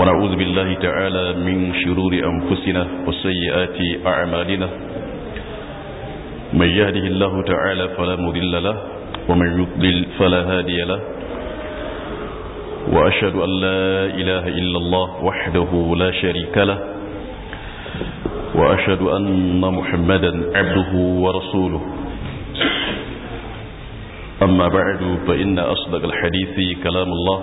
ونعوذ بالله تعالى من شرور أنفسنا وسيئات أعمالنا من يهده الله تعالى فلا مذل له ومن يضلل فلا هادي له وأشهد أن لا إله إلا الله وحده لا شريك له وأشهد أن محمدا عبده ورسوله أما بعد فإن أصدق الحديث كلام الله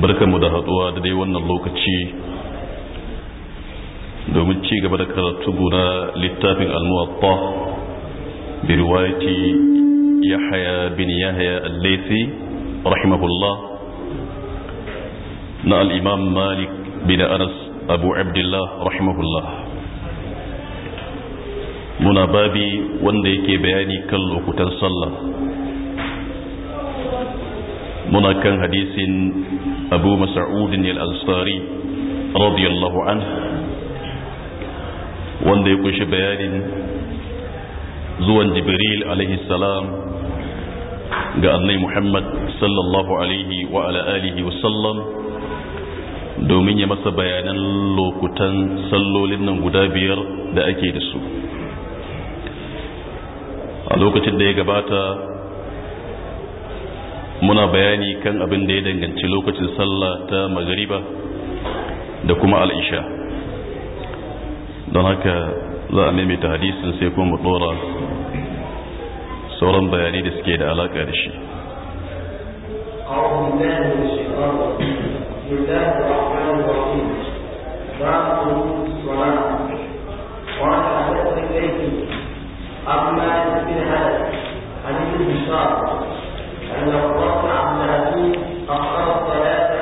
barkanmu da haduwa da dai wannan lokaci domin ci gaba da karatu guda littafin almuwatta bi riwayati yahya bin yahya al-laythi rahimahullah na al-imam malik bin anas abu abdullah rahimahullah muna babi wanda yake bayani kan lokutan sallah muna kan hadisin أبو مسعود الأنصاري رضي الله عنه wanda ya kunshi bayanin zuwan jibril alaihi salam ga annai muhammad sallallahu alaihi wa ala wa sallam domin ya masa bayanan lokutan sallolin nan guda biyar da ake da su a lokacin da ya gabata muna bayani kan abin da ya danganci lokacin sallah ta magariba da kuma al'isha don haka za a ta hadisin sai kuma mu sauran bayani da suke da alaƙa da shi قبل أن حديث أن عبد الثلاثين أخر الصلاة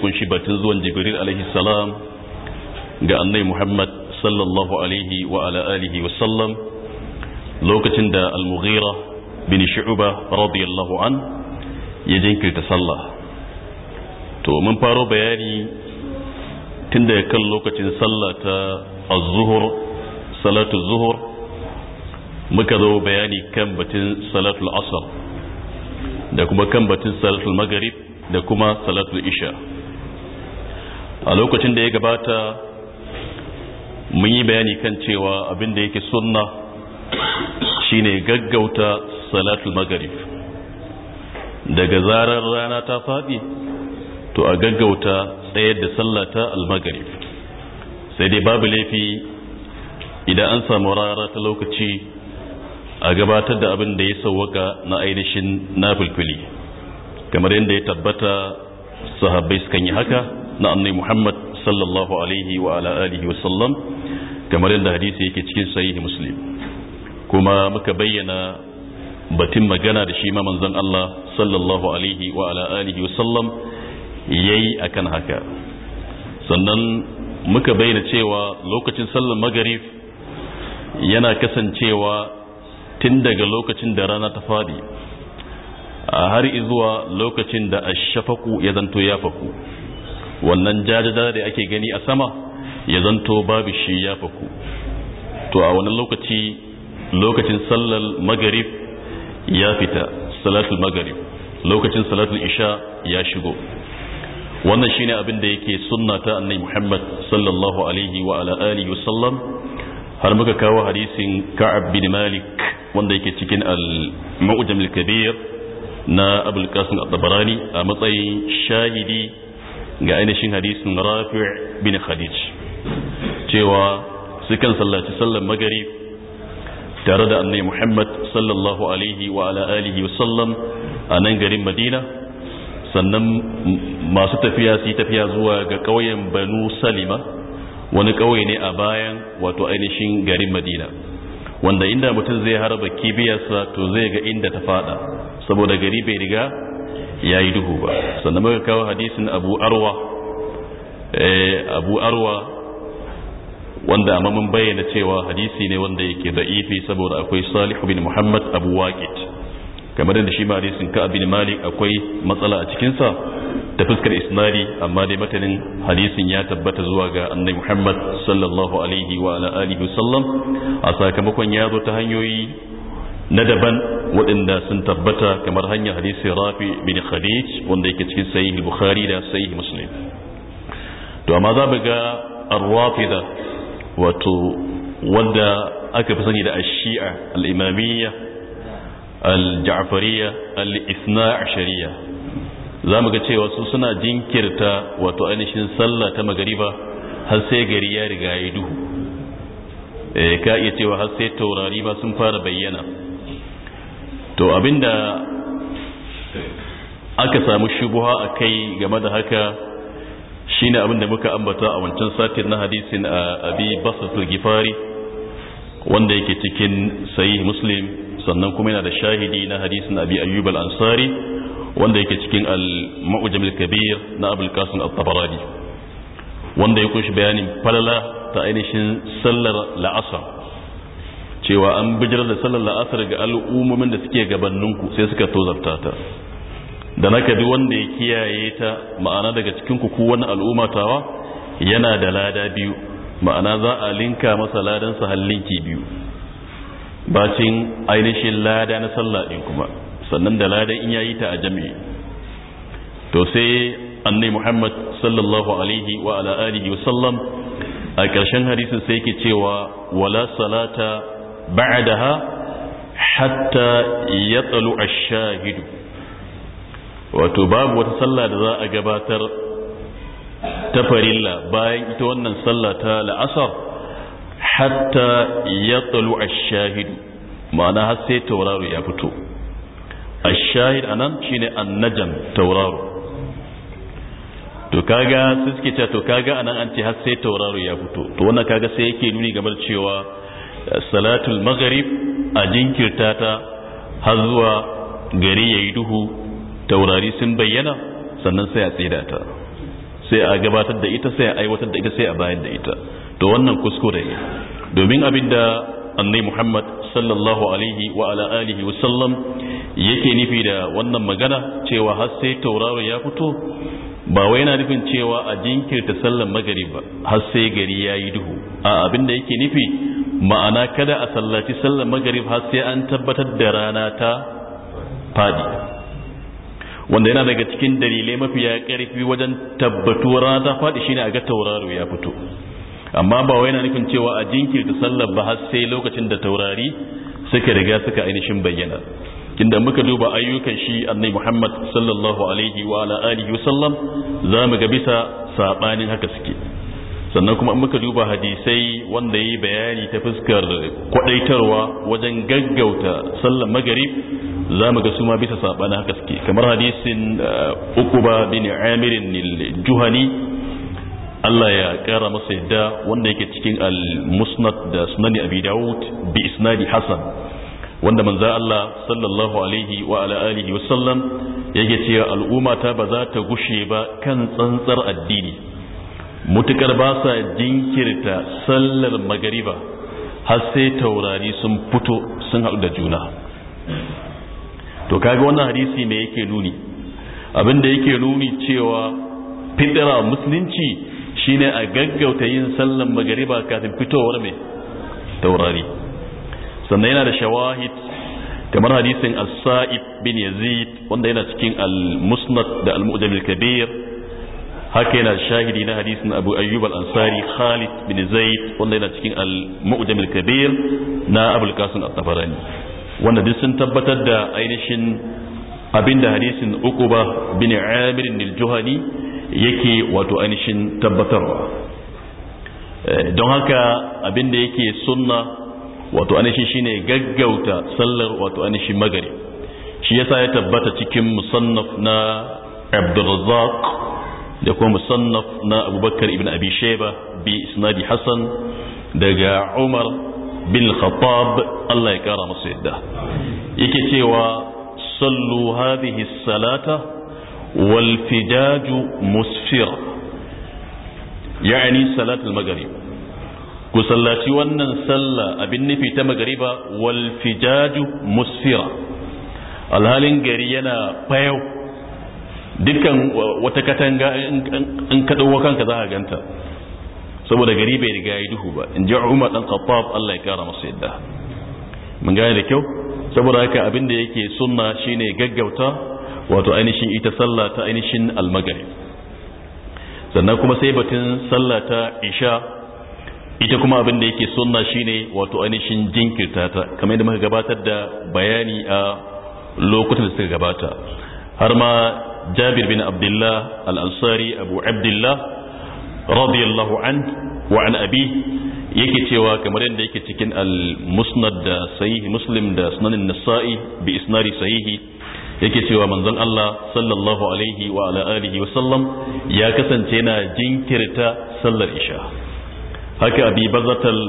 kunshi batun zuwan jibril alaihi salam ga annai muhammad sallallahu alaihi wa ala alihi wa sallam lokacin da al-mughira bin shu'ba radiyallahu an ya jinkirta sallah to mun faro bayani tun kan lokacin sallah ta az-zuhur salatu zuhur muka zo bayani kan batun salatul asr da kuma kan batun salatul maghrib da kuma salatul isha a lokacin da ya gabata mun yi bayani kan cewa abin da yake sunna shine gaggauta salatul magharib daga zarar rana ta faɗi to a gaggauta tsayar da sallata al almagari sai dai babu laifi idan an samu rara ta lokaci a gabatar da abin da ya sauwaka na ainihin nafilfili kamar yadda ya tabbata sahabbai sukan yi haka na annai muhammad sallallahu alaihi wa ala alihi wa sallam kamar yadda hadisi yake cikin sahihi muslim kuma muka bayyana batun magana da shi ma manzon Allah sallallahu alaihi wa ala alihi wa sallam yayi akan haka sannan muka bayyana cewa lokacin sallar magarib yana kasancewa tun daga lokacin da rana ta fadi har izuwa lokacin da ashafaku ya zanto ya faku wannan jajada da ake gani a sama ya zanto babu shi ya faku to a wani lokaci lokacin sallar magarib ya fita salatul magarib lokacin salatul isha ya shigo wannan shine abin da yake sunna ta annabi Muhammad sallallahu alaihi wa ala alihi wasallam har muka kawo hadisin Ka'ab bin Malik wanda yake cikin al-Mu'jam al-Kabir na Abul Qasim at-Tabarani a matsayin shahidi ga ainihin hadisin rafi' bin khadij cewa sukan sallaci sallar magari tare da annai muhammad sallallahu alaihi wa ala alihi wa sallam a nan garin madina sannan masu tafiya su tafiya zuwa ga ƙauyen banu salima wani ƙauye ne a bayan wato ainihin garin madina wanda inda mutum zai harba kibiyarsa to zai ga inda ta fada saboda gari bai riga ya yi duhu ba sannan muka kawo hadisin abu arwa eh, abu arwa wanda amma mun bayyana cewa hadisi ne wanda yake ifi saboda akwai salihu bin muhammad abu waqid kamar da shi ma hadisin ka bin malik akwai matsala a cikinsa ta fuskar isnadi amma dai matanin hadisin ya tabbata zuwa ga annabi muhammad sallallahu alaihi wa ala alihi wasallam a sakamakon ya zo ta hanyoyi na daban waɗanda sun tabbata kamar hanyar hadisi rafi bin khadij wanda yake cikin sahih bukhari da sahih muslim to amma za mu ga arwafida wato wanda aka fi sani da ash-shi'a al-imamiyya al-ja'fariyya ashariya za mu ga cewa su suna jinkirta wato ainihin sallah ta magariba har sai gari ya riga ya duhu eh, ka iya cewa har sai taurari ba sun fara bayyana to abinda aka samu shubuha a kai game da haka shine abinda muka ambata a wancan satin na hadisin a abi basatul gifari wanda yake cikin sahih muslim sannan kuma yana da shahidi na hadisin abi ayyub al-ansari wanda yake cikin al-mu'jam al-kabir na abul qasim al tabarani wanda ya kunshi bayanin falala ta ainihin sallar la'asar cewa an bijirar da sallar la'asar ga al'ummomin da suke gabaninku sai suka tozarta ta da naka duk wanda ya kiyaye ta ma'ana daga cikin ku wani al'umma tawa yana da lada biyu ma'ana za a linka masa ladan sa hallinki biyu bacin ainihin lada na sallah din kuma sannan da lada in yayi ta a jami'i to sai annai muhammad sallallahu alaihi wa ala alihi wa sallam a ƙarshen hadisin sai yake cewa wala salata بعدها حتى يطلع الشاهد وتباب وتصلى ذا أجباتر تفرلا باين يتوانا صلى تال أثر حتى يطلع الشاهد معنى هسي تورار يابتو الشاهد أنا شيني النجم تورار to kaga suke ce to kaga anan an ce har sai tauraro ya fito to wannan kaga sai yake nuni game da cewa salatul maghrib a jinkirta ta har zuwa gari ya yi duhu taurari sun bayyana sannan sai a tsida ta sai a gabatar da ita sai a aiwatar da ita sai a bayar da ita to wannan kuskure ne domin abin da annai muhammad sallallahu alaihi wa ala alihi wa sallam yake nufi da wannan magana cewa har sai tauraro ya fito ba wai yana nufin cewa a jinkirta sallar magariba ba har sai gari ya yi duhu a abin da yake nufi ma'ana kada a sallaci sallar magarib har sai an tabbatar da rana ta fadi wanda yana daga cikin dalilai mafiya karfi wajen tabbatuwar rana ta fadi shine a ga tauraro ya fito amma ba wai yana nufin cewa a jinkirta sallar ba har sai lokacin da taurari suka riga suka ainihin bayyana inda muka duba ayyukan shi annabi Muhammad sallallahu alaihi wa ala alihi wasallam za mu ga bisa sabanin haka suke sannan kuma in muka duba hadisai wanda yi bayani ta fuskar kwadaitarwa wajen gaggauta sallar magarib za mu ga suma bisa sabani haka suke kamar hadisin ukuba uh, bin amirin juhani Allah ya kara masa yadda wanda yake cikin al-musnad da sunani abi dawud bi isnadi hasan wanda manzo Allah sallallahu alaihi wa ala alihi wa sallam yake cewa al'umma ta ba za ta gushe ba kan tsantsar addini mutukar ba sa jinkirta sallar magariba har sai taurari sun fito sun haɗu da juna to kaga wannan hadisi me yake nuni abinda yake nuni cewa fitira musulunci shine a gaggauta yin sallar magariba kafin fitowar mai taurari sannan yana da shawahid kamar hadisin as said bin yazid wanda yana cikin al-musnad da al-mu'jam al-kabir haka yana shahidi na hadisin abu ayyub al-ansari khalid bin zaid wanda yana cikin al-mu'jam al-kabir na abul qasim at-tabarani wanda duk sun tabbatar da ainihin abinda hadisin uquba bin amir al-juhani yake wato ainihin tabbatarwa eh, don haka abinda yake sunna wato ainihin shine gaggauta sallar wato ainihin magari shi yasa ya tabbata cikin musannaf na abdurrazzaq da kuma musannaf na abubakar ibn abi sheba bi isnadi hassan daga umar bin khattab allah ya kara masa yadda yake cewa sallu hadhihi salata wal fidaju musfir yani salatul maghrib ku sallaci wannan salla abin nufi ta magariba wal fijaju musfira alhalin gari yana fayau dukkan wata katanga in ka ɗauwa kanka za a ganta saboda gari bai riga ya duhu ba in ji umar dan khattab Allah ya kara masa yadda mun gane da kyau saboda haka abin da yake sunna shine gaggauta wato ainihin ita sallah ta ainihin almagari sannan kuma sai batun sallah ta isha ita kuma abin da yake sunna shine wato ainihin jinkirta ta kamar yadda muka gabatar da bayani a lokutan da suka gabata har ma jabir bin abdullah al abu abdullah radiyallahu an wa an abi yake cewa kamar yadda yake cikin al da sahihi muslim da sunanin nasa'i bi isnari yake cewa manzon Allah sallallahu alaihi wa ala alihi wa ya kasance yana jinkirta sallar isha haka abi bazatal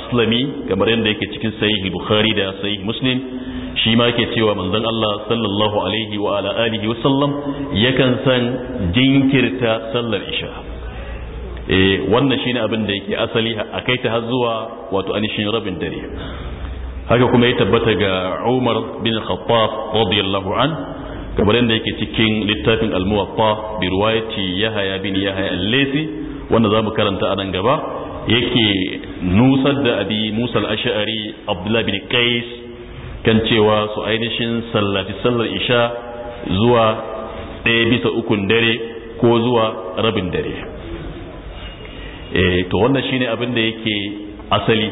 aslami kamar yadda yake cikin sahihi bukhari da sahihi muslim shi ma ke cewa manzon Allah sallallahu alaihi wa ala alihi wa sallam yakan san jinkirta sallar isha eh wannan shine abin da yake asali a kai ta har zuwa wato anishin rabin dare haka kuma ya tabbata ga Umar bin Khattab radiyallahu an kamar yadda yake cikin littafin al-Muwatta bi riwayati Yahya bin Yahya al-Laythi wanda zamu karanta a nan gaba yake nusar da abi Musa al-Ash'ari Abdullah bin Qais kan cewa su ainihin sallaci sallar isha zuwa ɗaya bisa ukun dare ko zuwa rabin dare eh, to wannan shine abin da yake asali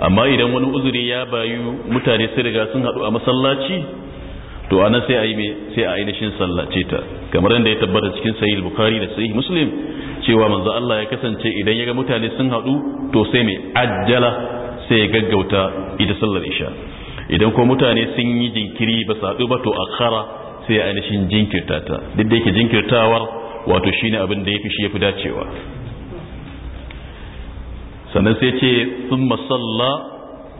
amma idan wani uzuri ya bayu mutane sai riga sun haɗu a masallaci to ana sai a yi sai a ainihin sallace ta kamar yadda ya tabbata cikin sahih bukhari da sahih muslim cewa manzo Allah ya kasance idan ya ga mutane sun haɗu to sai mai ajjala sai ya gaggauta ita sallar isha idan ko mutane sun yi jinkiri ba su ba to a kara sai ainihin jinkirta ta duk da yake jinkirtawar wato ne abin da ya fi shi ya fi dacewa sannan sai ce sun masalla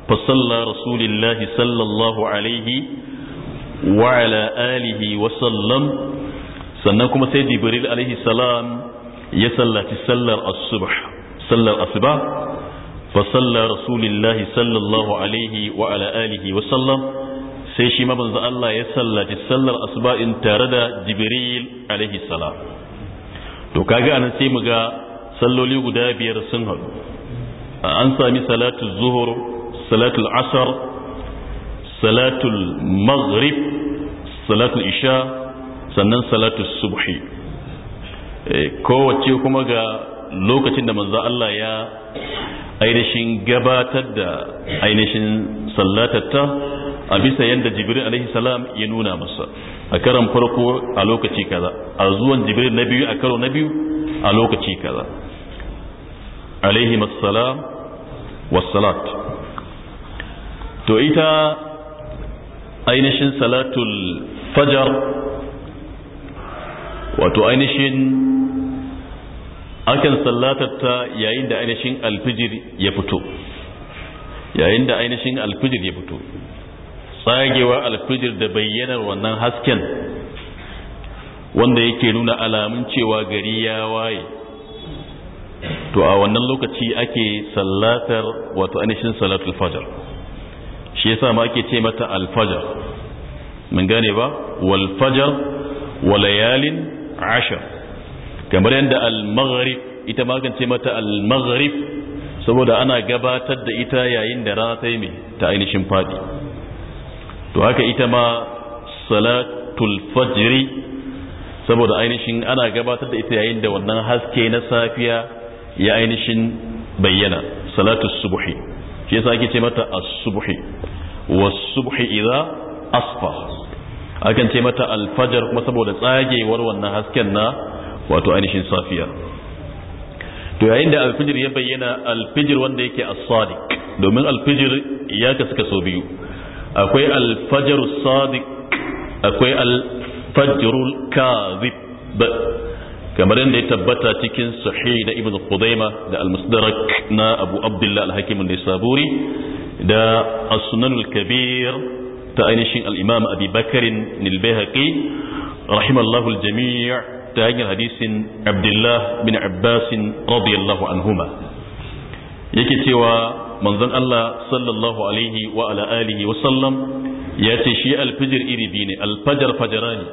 fasalla rasulillahi sallallahu alaihi wa ala alihi wa sallam sannan kuma sai jibril alaihi salam ya sallaci sallar asubah sallar asuba وصلى رسول الله صلى الله عليه وعلى آله sai shi mabanzu Allah ya sallaci sallar asba'in tare da Jibril alaihi salam to kaga anan sai mu ga salloli guda biyar sun haɗu an sami salatu zuhur salatul asar salatul maghrib salatul isha sannan salatul subhi eh, kowace kuma ga lokacin da manzo Allah ya ainihin gabatar da ainihin sallatatta a bisa yadda jibril alaihi salam ya nuna masa a karan farko a lokaci kaza a zuwan jibril na biyu a karo na biyu a lokaci kaza alaihi masalam wasalat to ita ainihin salatul fajar wato ainihin akan sallatar ta yayin da ainihin alfijir ya fito yayin da ainihin alfijir ya fito tsagewa alfijir da bayyanar wannan hasken wanda yake nuna alamun cewa gari ya waye to a wannan lokaci ake sallatar wato ainihin salatul fajr shi yasa ma ake ce mata alfajar mun gane ba wal fajar wa layalin kamar yadda al-maghrib ita ma ce mata al-maghrib saboda ana gabatar da ita yayin da rana ta yi ta ainihin fadi to haka ita ma salatul fajri saboda ainihin ana gabatar da ita yayin da wannan haske na safiya ya ainihin bayyana salatu subhi shi yasa ake ce mata as-subhi wa subhi idza asfa akan ce mata al-fajr kuma saboda tsagewar wannan hasken na wato ainihin safiya to yayin da alfijir ya bayyana alfijir wanda yake as-sadiq domin alfijir ya kasu kaso biyu akwai alfajaru sadiq akwai alfajaru kadhib kamar yadda ya tabbata cikin sahi da ibnu qudaima da al-musdarak na abu abdullah al-hakim an-nisaburi da as-sunanul kabir ta ainihin al-imam abi bakarin nil-bayhaqi rahimallahu al-jami' ta hanyar hadisin abdullah bin abbasin radiyallahu anhuma yake cewa manzon Allah sallallahu alaihi wa ala alihi wa sallam ya ce shi alfijir iri biyu ne alfajar fajara ne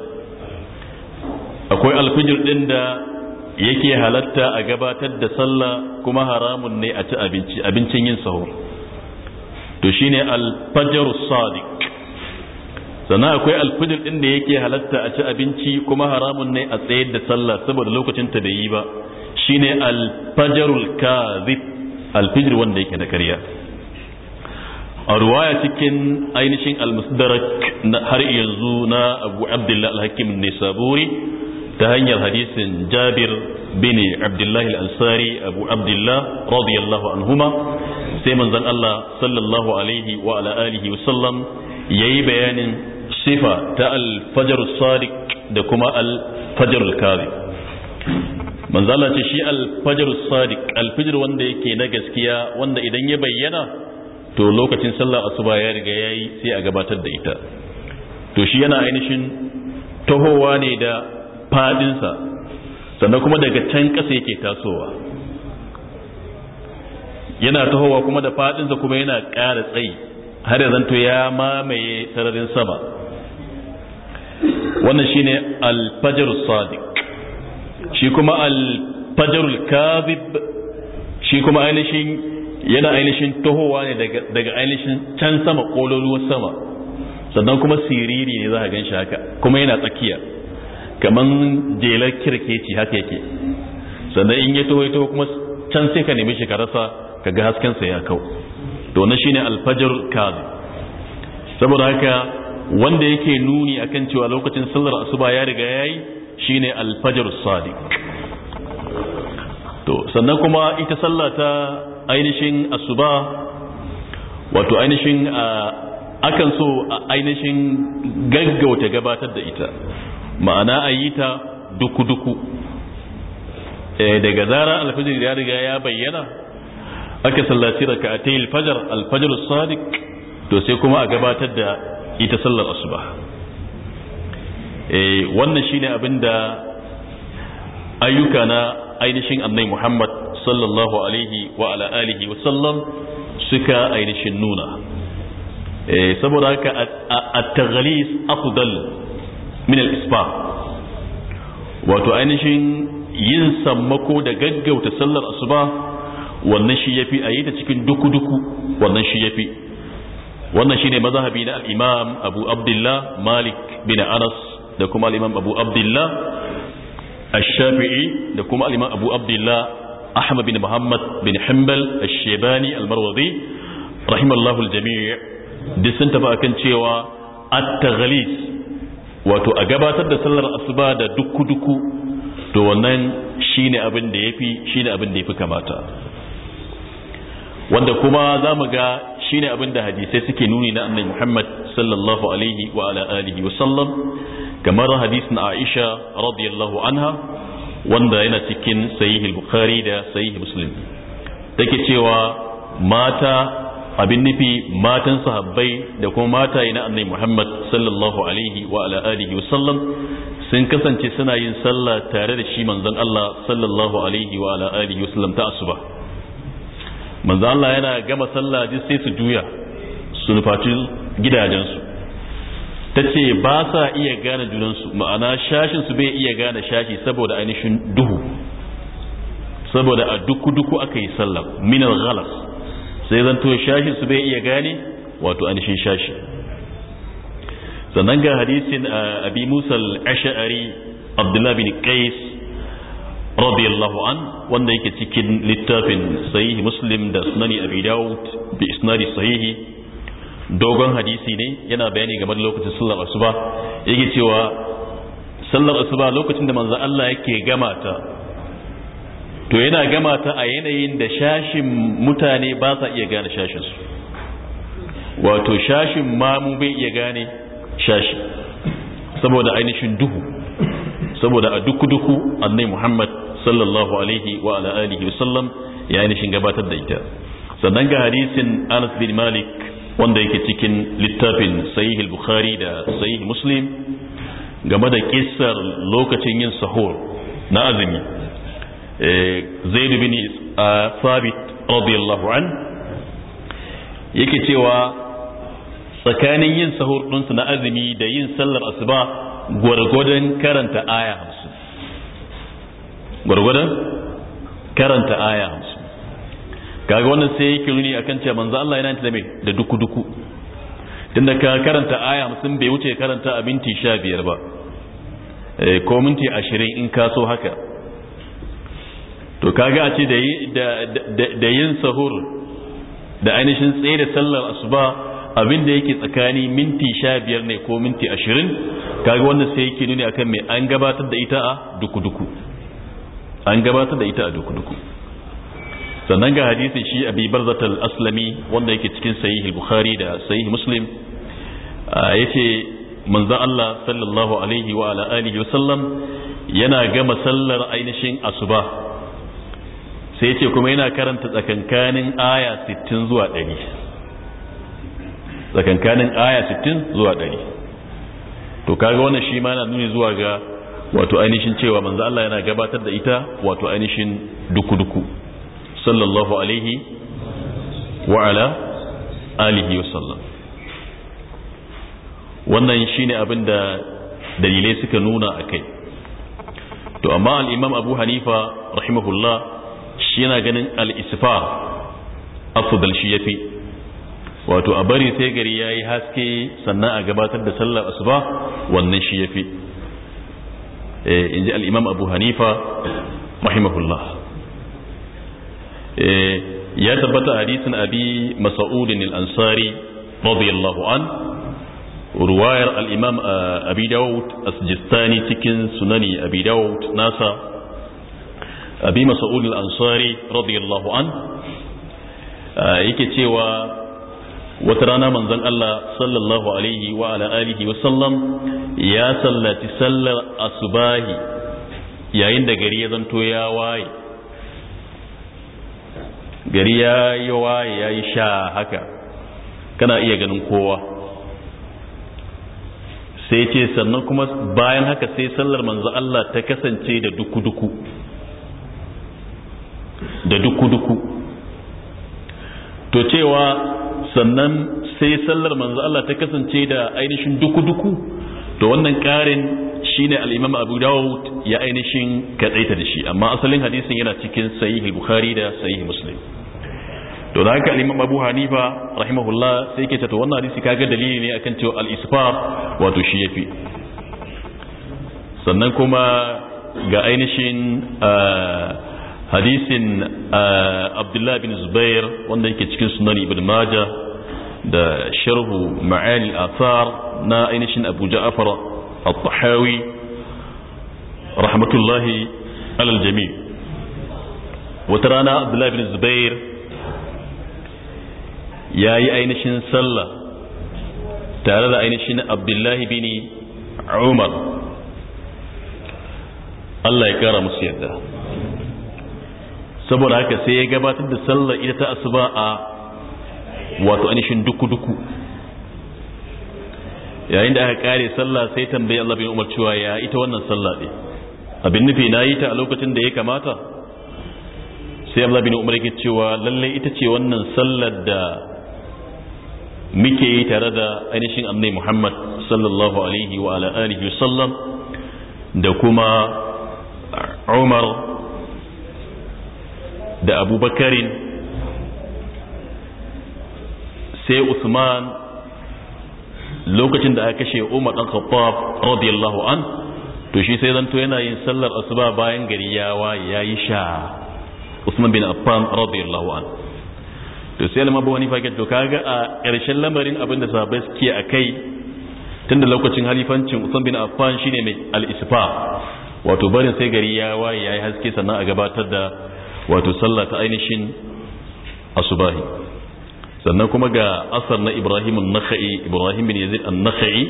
akwai alfijir din da yake halatta a gabatar da sallah kuma haramun ne a ci abinci abincin yin sahur to shine alfajaru sadiq sannan akwai alfijir din da yake halatta a ci abinci kuma haramun ne a tsayar da sallah saboda lokacin ta da yi ba shine alfajarul kazib alfijir wanda yake da karya a ruwaya cikin ainihin almusdarak har yanzu na abu abdullahi alhakim ne saburi ta hanyar hadisin jabir bin abdullahi al abu abdullah radiyallahu anhuma sai manzan Allah sallallahu alaihi wa ala alihi wa sallam yi bayanin sifa ta alfajar sadiq da kuma alfajar kazi manzala ce shi alfajar sadiq alfijir wanda yake na gaskiya wanda idan ya bayyana to lokacin sallah asuba ya riga yayi sai a gabatar da ita to shi yana ainihin tahowa ne da fadinsa sannan kuma daga can ƙasa yake tasowa yana tahowa kuma da fadinsa kuma yana ƙara tsayi har ya zanto ya mamaye sararin sama wannan shine al-fajr sadiq shi kuma al-fajr kadhib shi kuma ainihin yana ainihin tohowa ne daga ainihin can sama kololuwar sama sannan kuma siriri ne za a gan haka kuma yana tsakiya kamar jelar kirkeci haka yake sannan in ya taho ya kuma can sai ka nemi shi ka rasa ka ga haskensa ya kau to na shine al-fajr kadhib saboda haka wanda yake nuni akan cewa lokacin sallar asuba ya riga yayi shine alfajar sadiq to sannan kuma ita sallah ta ainihin asuba wato ainihin akan so a ainihin gaggauta gabatar da ita ma'ana a yi ta duku-duku eh, daga zarar fajr ya riga ya bayyana aka sallaci raka'atai alfajar alfajar sadiq to sai kuma a gabatar da ita sallar asuba eh, wannan shine abin da ayyuka na ainihin annai muhammad sallallahu alaihi wa ala alihi wa sallam suka ainihin nuna eh, saboda haka a taghlis afdal min al-isba wato ainihin yin sammako da gaggauta sallar asuba wannan shi yafi a yi ta cikin duku-duku wannan shi yafi wannan shine mazhabi na al-imam abu abdullah malik bin anas da kuma al abu abdullah ash da kuma al abu abdullah ahmad bin muhammad bin hanbal ash-shaybani rahimallahu al-jami' duk sun tafi akan cewa at-taghlis wato a gabatar da sallar asuba da duku-duku to wannan shine abin da yafi shine abin da yafi kamata wanda kuma za mu ga shine abin da hadisai suke nuni na annabi Muhammad sallallahu alaihi wa ala alihi wa sallam kamar hadisin Aisha radiyallahu anha wanda yana cikin sahih bukhari da sahih Muslim take cewa mata abin nufi matan sahabbai da kuma mataye na annabi Muhammad sallallahu alaihi wa ala alihi wa sallam sun kasance suna yin sallah tare da shi manzon Allah sallallahu alaihi wa ala alihi wa sallam ta asuba manzo Allah yana gama sallah ji sai su juya su nufaci gidajensu ta ce ba sa iya gane junansu ma'ana shashin su bai iya gane shashi saboda ainihin duhu saboda a duku duku aka yi sallah minal ghalas sai zan to shashin su bai iya gane wato ainihin shashi sannan ga hadisin abi musal ash'ari abdullah bin qais radiyallahu an wanda yake cikin littafin sahihi muslim da sunani abi dawud bi isnadi sahihi dogon hadisi ne yana bayani game da lokacin sallar asuba yake cewa sallar asuba lokacin da manzo Allah yake gama ta to yana gama ta a yanayin da shashin mutane ba sa iya gane shashin su wato shashin ma mu bai iya gane shashi saboda ainihin duhu saboda a duku-duku annai muhammad sallallahu alaihi wa ala alihi wa sallam ya ainihin gabatar da ita sannan ga hadisin Anas bin Malik wanda yake cikin littafin sahih bukhari da sahih Muslim game da kissar lokacin yin sahur na azumi eh, Zaid bin Thabit radiyallahu an yake cewa tsakanin yin sahur ɗinsu na azumi da yin sallar asuba gwargwadon karanta aya gwargwadon karanta aya hamsin kaga wannan sai yake nuni akan cewa manzo Allah yana da da duku duku tunda ka karanta aya hamsin bai wuce karanta a minti sha biyar ba eh, ko minti ashirin in ka so haka to kaga a ce da yin sahur da ainihin tsaye da sallar asuba abin da yake tsakani minti sha biyar ne ko minti ashirin kaga wannan sai yake nuni akan mai an gabatar da ita a duku-duku an gabatar da ita a duku-duku sannan ga hadisin shi abi barzatal aslami wanda yake cikin sahih bukhari da sahih muslim yace manzon Allah sallallahu alaihi wa ala alihi wa sallam yana gama sallar ainihin asuba sai yace kuma yana karanta tsakankanin aya 60 zuwa 100 tsakankanin aya 60 zuwa 100 to kaga wannan shi ma na nuni zuwa ga wato ainihin cewa manzo Allah yana gabatar da ita wato ainihin duku-duku sallallahu alaihi wa ala alihi wa sallam wannan shine abin da dalilai suka nuna a kai to amma alimam abu hanifa rahimahullah shi yana ganin al-isfar afdal shi yafi wato a bari sai gari yayi haske sannan a gabatar da sallar asuba wannan shi yafi Eh, in ji al'imam abu hanifa rahimahullah eh, ya tabbata hadisin abi masa'udin al'ansari radiyallahu an ruwayar al'imam eh, abi dawud asjistani cikin sunani abi dawud nasa abi masa'udin al'ansari radiyallahu an yake cewa wata rana manzon Allah sallallahu alaihi wa ala alihi wa sallam ya sallati sallar asubahi yayin da gari ya zanto ya waye gari ya yi waye ya yi sha haka kana iya ganin kowa sai ce sannan kuma bayan haka sai sallar manzo Allah ta kasance da duku-duku da duku-duku to cewa sannan sai sallar manzo Allah ta kasance da ainihin duku-duku to wannan karin shine al-Imam Abu Dawud ya ainihin katsaita da shi amma asalin hadisin yana cikin sahih Bukhari da sahih Muslim to da haka al-Imam Abu Hanifa rahimahullah sai yake ta to wannan hadisi kaga dalili ne akan cewa al-isfar wato shi yafi sannan kuma ga ainihin ah, hadisin ah, abdullahi bin zubair wanda yake cikin sunan ibn maja da sharhu ma'ani asar na ainihin abu ja'afar al-tahawi rahmatullahi alal jami wata rana abdullahi bin zubair ya yi ainihin sallah tare da ainihin abdullahi bin umar Allah ya kara musu yadda saboda haka sai ya gabatar da sallar ita ta asuba a wato ainihin duku-duku yayin da aka kare sallah sai tambayi Allah bin Umar cewa ya ita wannan sallah ne abin nufi na yi ta a lokacin da ya kamata sai Allah bin Umar ke cewa lalle ita ce wannan sallar da muke yi tare da ainihin annai Muhammad sallallahu alaihi wa ala alihi sallam da kuma Umar da Abu Bakarin sai Usman lokacin da aka kashe Umar dan Khattab radiyallahu an to shi sai zanto yana yin sallar asuba bayan gari ya waye yayi sha Usman bin Affan radiyallahu an to sai lamar bawani fa to kaga a ƙarshen lamarin abin da sahabbai suke a kai tunda lokacin halifancin Usman bin Affan shine mai al-isfa wato barin sai gari ya waye yayi haske sannan a gabatar da wato sallah ta ainihin asubahi sannan kuma ga asar na ibrahim an-nakhai ibrahim bin yazid an-nakhai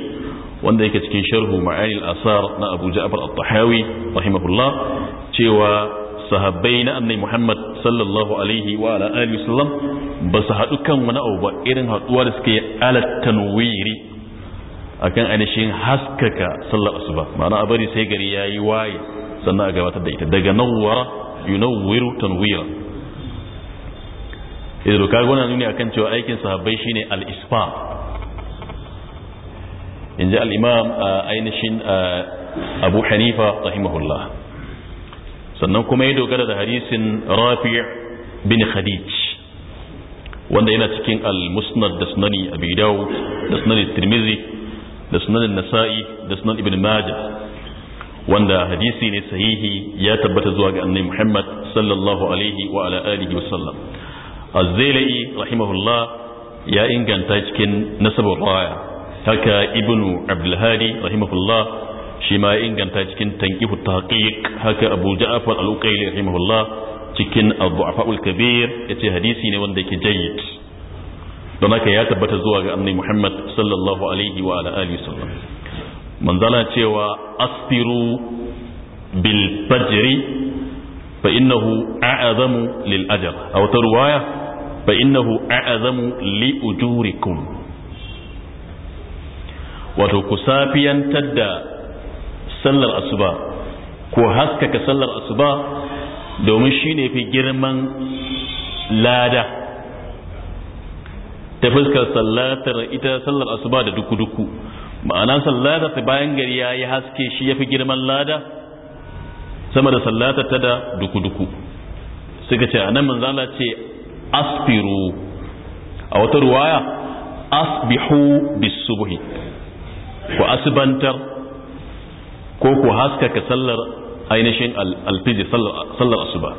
wanda yake cikin sharhu ma'ani al-asar na abu ja'far at-tahawi rahimahullah cewa sahabbai na annabi muhammad sallallahu alaihi wa ala alihi wasallam ba su haɗu kan wani abu ba irin haɗuwa da suke alat tanwiri akan ainihin haskaka sallar asuba ma'ana a bari sai gari yayi waye sannan a gabatar da ita daga nawwara yunawwiru tanwira yanzu eh, kaga wannan nuni akan cewa aikin sahabbai shine al-isfa in ji al-imam ainihin abu hanifa rahimahullah sannan kuma ya dogara da hadisin rafi' bin khadij wanda yana cikin al-musnad da sunani abi da sunani tirmizi da sunan nasa'i da sunan ibn majah wanda hadisi ne sahihi ya tabbata zuwa ga annabi muhammad sallallahu alaihi wa ala alihi wa sallam az-zailai ya inganta cikin nasabar rawaya haka ibnu abdulhadi rahimahullah shi ma ya inganta cikin tanqihu tahqiq haka abu ja'far al-uqayli rahimahullah cikin abu kabir yace hadisi ne wanda yake jayyid don haka ya tabbata zuwa ga annabi Muhammad sallallahu alaihi wa ala alihi sallam manzala cewa asfiru bil fajri fa innahu a'zamu lil ajr wata tarwaya fa innahu a'azamu li ujurikum wato ku safiyantar da sallar asuba ko haskaka sallar asuba domin shi ne fi girman lada ta fuskar sallatar ita sallar asuba da duku-duku ma'ana sallatar ta bayan gari ya yi haske shi ya fi girman lada sama da sallatar ta da duku-duku suka ce a nan manzala ce asfiru a wata ruwaya asbihu bisubuhi ku asibantar ko ku haskaka sallar ainihin alfiji sallar asuba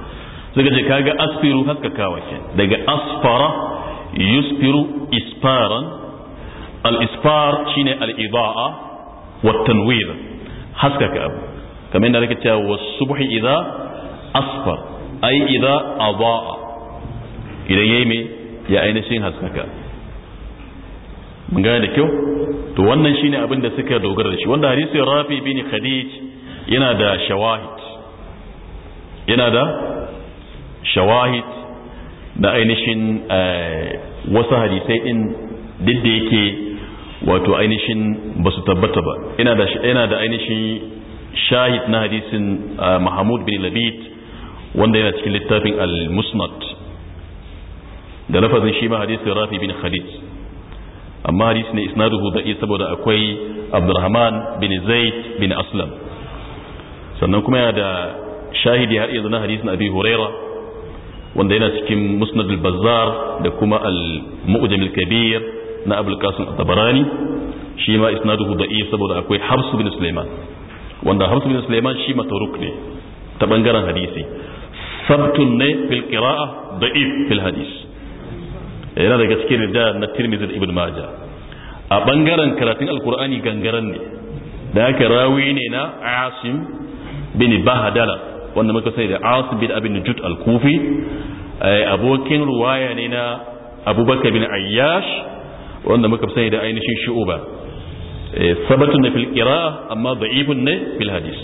suka ce kaga asfiru haskakawa ke daga asfara yusfiru isfaran al-isfar shine al-ida'a wa tanwir haskaka abu kamar yadda rake cewa wasu subhi idza asfar ai idza adaa idan ya yi mai ya ainihin haskaka mun gane da kyau to wannan shine abin da suka dogara da shi wanda hadisi rafi bin khadij yana da shawahid yana da shawahid da ainihin eh, wasu hadisai din duk da yake wato ainihin ba su tabbata ba yana da ainihin shahid na hadisin eh, mahmud bin labid wanda yana cikin littafin al-musnad da lafazin shi ma hadisi rafi bin khalid amma hadisi ne isnaduhu da'i saboda akwai abdurrahman bin zaid bin aslam sannan kuma ya da shahidi har yanzu na hadisin abi huraira wanda yana cikin musnad al-bazzar da kuma al-mu'jam al-kabir na abul qasim at-tabarani shi ma isnaduhu da'i saboda akwai hafs bin sulaiman wanda hafs bin sulaiman shi ma mataruk ne ta bangaren hadisi sabtun ne fil qira'a da'if fil hadis yana daga cikin rijal na tirmidhi da ibn majah a bangaren karatun alkur'ani gangaren ne da aka rawi ne na asim bin bahadala wanda muka sani da asim bin abin jud al-kufi eh, abokin ruwaya ne na abubakar bin ayyash wanda muka sani da ainihin shu'uba eh, sabatun na fil kira amma da'ifun ne fil hadis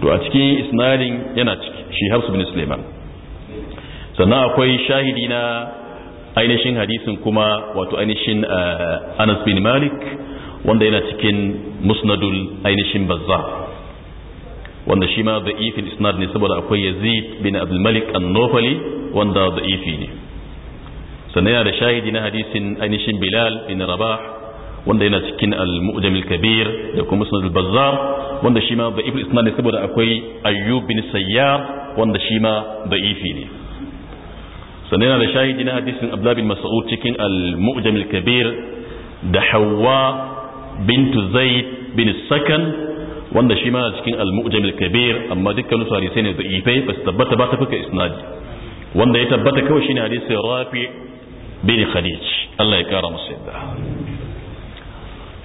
to a cikin isnadin yana ciki shi hafs bin suleiman sannan akwai shahidi na ainihin hadisin kuma wato ainihin eh, anas bin malik wanda yana cikin musnadul ainihin bazza wanda shi ma da ifin isnad ne saboda akwai yazid bin abdulmalik annofali wanda da ifi ne sannan yana da shahidi na hadisin ainihin bilal bin rabah wanda yana cikin al-mu'jamil kabir da kuma musnadul bazzar wanda shi ma da ifin isnad ne saboda akwai ayyub bin sayyar wanda shi ma da ifi ne sannan yana da shahidi na hadisin abdullah bin mas'ud cikin al-mu'jam al-kabir da hawa bintu zaid bin sakan wanda shi ma cikin al-mu'jam al-kabir amma dukkan su hadisai ne da'ifai ba su tabbata ba ta fuka isnadi wanda ya tabbata kawai shine hadisin rafi bin khadij Allah ya kara masa yadda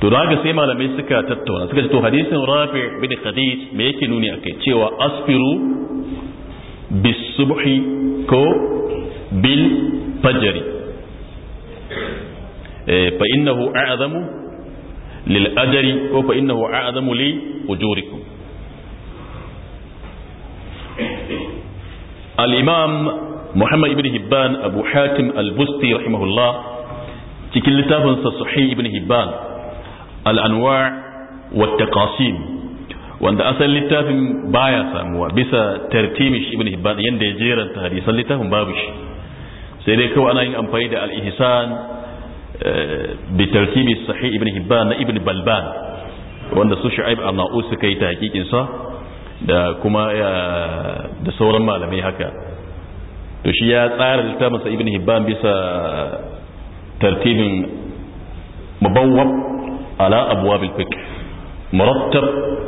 to da haka sai malamai suka tattauna suka ce to hadisin rafi bin khadij me yake nuni akai cewa asfiru bisubhi ko بالفجر إيه، فإنه أعظم للأجر فإنه أعظم لأجوركم الإمام محمد بن هبان أبو حاتم البستي رحمه الله تكل تافن صحي بن هبان الأنواع والتقاسيم وأن أسأل لتافن بايا ساموا بس ترتيمش ابن هبان يندي جيرا تهدي صلتهم بابش sai dai kawai ana yin amfani da al'ihisan ihsan eh, bi tartibi ibn hibban na ibn balban wanda su shu'aib an-na'us suka da kuma da sauran malamai haka to shi ya tsara littafin sa ibn hibban bisa tartibin mubawwab ala abwab al murattab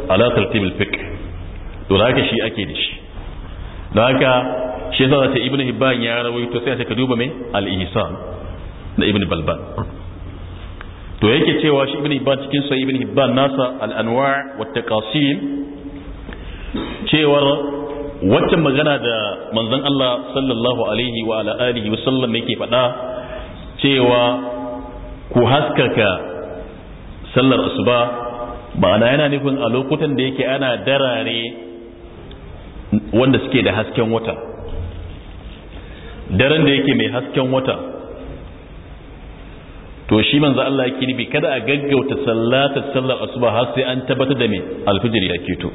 ala tartib al-fiqh to haka shi ake da shi haka shi a zata Ibn hibban ya rawaito sai ka duba mai al-ihsan na ibnu balban to yake cewa shi Ibn hibban cikin sai Ibn hibban nasa al-anwa' wa taqasim cewar waccan magana da manzon Allah sallallahu alaihi wa ala alihi wa sallam yake faɗa cewa ku haskaka sallar asuba ma'ana yana nufin a lokutan da yake ana darare wanda suke da hasken wata daren da yake mai hasken wata to shi manzo Allah yake nufi kada a gaggauta sallata sallar asuba har sai an tabbatar da me alfijir ya keto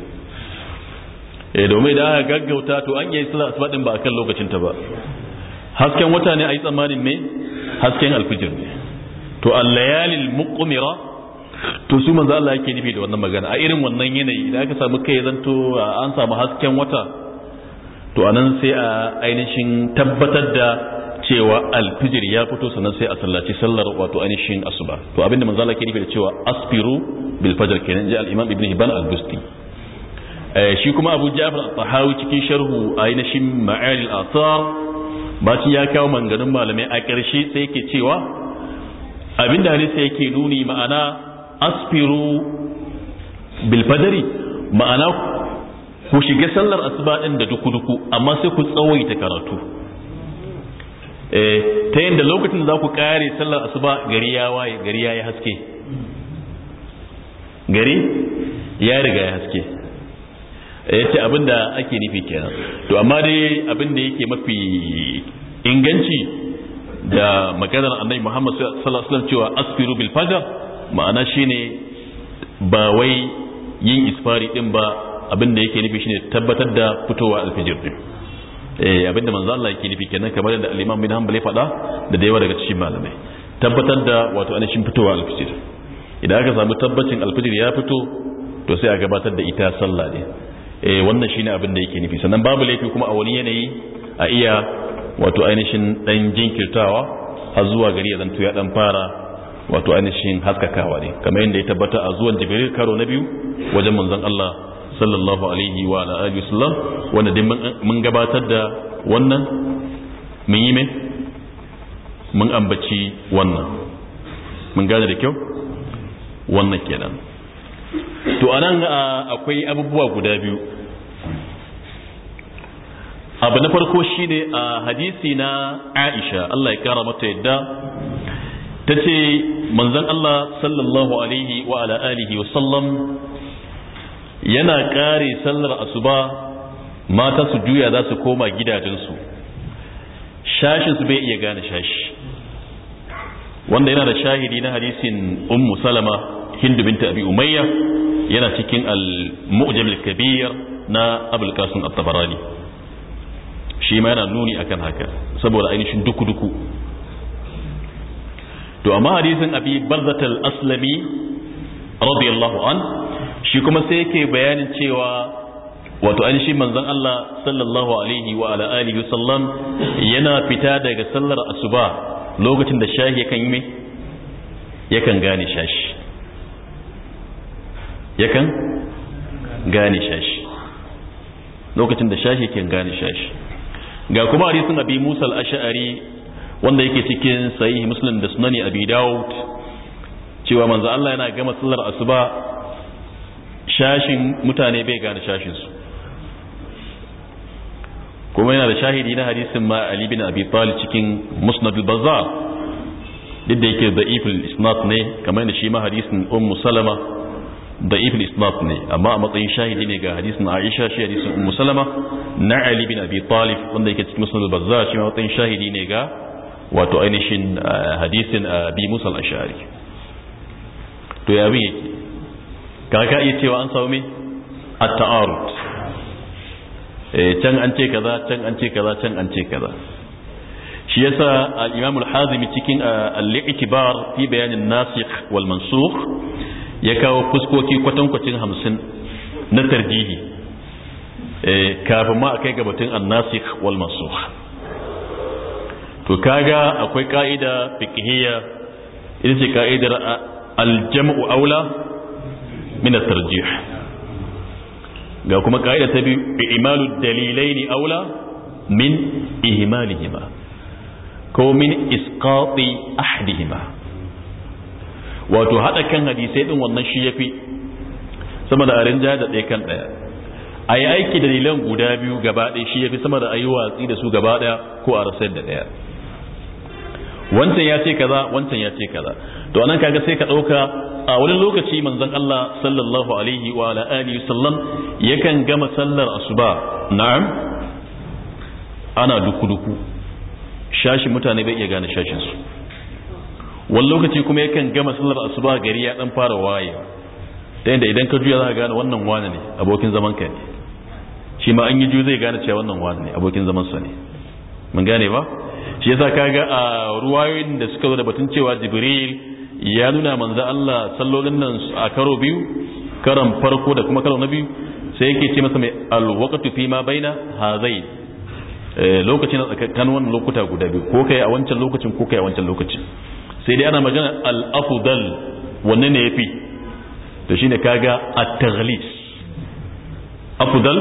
eh domin da gaggauta to an yi sallar asuba din ba akan lokacin ta ba hasken wata ne ayi tsammanin me hasken alfijir ne to al-layalil muqmira to su manzo Allah yake nufi da wannan magana a irin wannan yanayi idan aka samu kai zanto an samu hasken wata to anan sai a ainihin tabbatar da cewa alfijir ya fito sannan sai a sallaci sallar wato ainihin asuba to abinda manzo Allah ke nufi da cewa Aspiru bil fajr kenan ji al-imam ibn hibban al-busti eh, shi kuma abu jafar al-tahawi cikin sharhu ainihin ma'al al-athar bacin ya kawo manganin malamai a ƙarshe sai yake cewa abinda sai yake nuni ma'ana Aspiru bil fajr ma'ana ku shiga sallar asuba din da duku duku amma sai ku tsawaita karatu eh, ta yadda lokacin da za ku kare sallar asuba gari ya waye gari ya yi haske gari ya riga ya haske eh, ya ce abin da ake nufi kenan to amma dai abinda da yake mafi inganci da maganar annabi muhammad sallallahu alaihi cewa asfiru bil fajr ma'ana shine ba wai yin isfari din ba abin da yake nufi shine tabbatar da fitowa alfijir din eh abin da manzo Allah yake nufi kenan kamar da al-Imam bin Hanbali faɗa da da yawa daga cikin malamai tabbatar da wato ainihin fitowa alfijir idan aka samu tabbacin alfijir ya fito to sai a gabatar da ita sallah ne eh wannan shine abin da yake nufi sannan babu laifi kuma a wani yanayi a iya wato ainihin dan jinkirtawa har zuwa gari ya zanto ya dan fara wato ainihin haskakawa ne kamar yadda ya tabbata a zuwan jibril karo na biyu wajen manzon Allah sallallahu alaihi wa ala alihi sallam wanda dai mun gabatar da wannan mun yi mai mun ambaci wannan mun gane da kyau wannan kenan to anan akwai abubuwa guda biyu abu na farko shine a hadisi na aisha Allah ya kara mata yadda ta ce manzon Allah sallallahu alaihi wa ala alihi wa sallam yana kare sallar asuba mata su juya za su koma gidajensu shashinsu bai iya gane shashi wanda yana da shahidi na hadisin ummu salama hindu binta abi umayya yana cikin al-mu'jam al-kabir na abul qasim at-tabarani shi ma yana nuni akan haka saboda ainihin duku duku to amma hadisin abi barzatal aslami radiyallahu an shi kuma sai yake bayanin cewa wato an shi manzon Allah sallallahu alaihi wa ala alihi wasallam yana fita daga sallar asuba lokacin da shahi yakan yi me yakan gane shashi yakan gane shashi lokacin da shashi yakan gane shashi ga kuma hadisin abi Musa al-Ash'ari wanda yake cikin sahih Muslim da Sunani Abi Dawud cewa manzo Allah yana gama sallar asuba shashin mutane bai gane shashinsu kuma yana da shahidi na hadisin ma Ali bin Abi Talib cikin Musnad al-Bazzar duk da yake da al-isnad ne kamar da shi ma hadisin Ummu Salama da al-isnad ne amma a matsayin shahidi ne ga hadisin Aisha shi hadisin Ummu Salama na Ali bin Abi Talib wanda yake cikin Musnad al-Bazzar shi ma matsayin shahidi ne ga wato ainihin eh, hadisin Abi Musa al-Ash'ari to ya yake kaga iya cewa an sami me eh, can an ce kaza can an ce kaza can an ce kaza shi yasa al-imam al-hazimi cikin al-i'tibar fi bayanin nasikh wal ya kawo fuskoki kwatankwacin hamsin na tarjihi eh, kafin ma a kai gabatun an-nasikh wal mansukh to kaga akwai ka'ida fiqhiyya ita ce ka'idar al-jam'u aula min at-tarjih ga kuma ka'ida ta biyu i'malu dalilaini aula min ihimalihima ko min iskaɗi ahdihima wato haɗa kan hadisai ɗin wannan shi ya fi sama da arin da ɗaya kan ɗaya a yi aiki dalilan guda biyu gaba ɗaya shi ya fi sama da a yi watsi da su gaba ɗaya ko a rasar da ɗaya wancan ya ce kaza wancan ya ce kaza to anan kaga sai ka ɗauka a wani lokaci manzon Allah sallallahu alaihi wa ala alihi sallam yakan gama sallar asuba na'am ana duku duku shashi mutane bai iya gane shashin su wani lokaci kuma yakan gama sallar asuba gari ya dan fara waye ta yadda idan ka juya za ka gane wannan wane ne abokin zaman ka ne shi ma an yi juya zai gane cewa wannan wane ne abokin zaman sa ne mun gane ba shi yasa kaga a ruwayoyin da suka zo da batun cewa jibril ya nuna manzan Allah sallolin nan a karo biyu karan farko da kuma karo na biyu sai yake ce masa mai alwakatu fi ma baina hazai eh, lokacin na tsakakan wannan lokuta guda biyu ko kai a wancan lokacin ko kai a wancan lokacin sai dai ana magana al-afdal wanne ne yafi to shine kaga at-taghlis afdal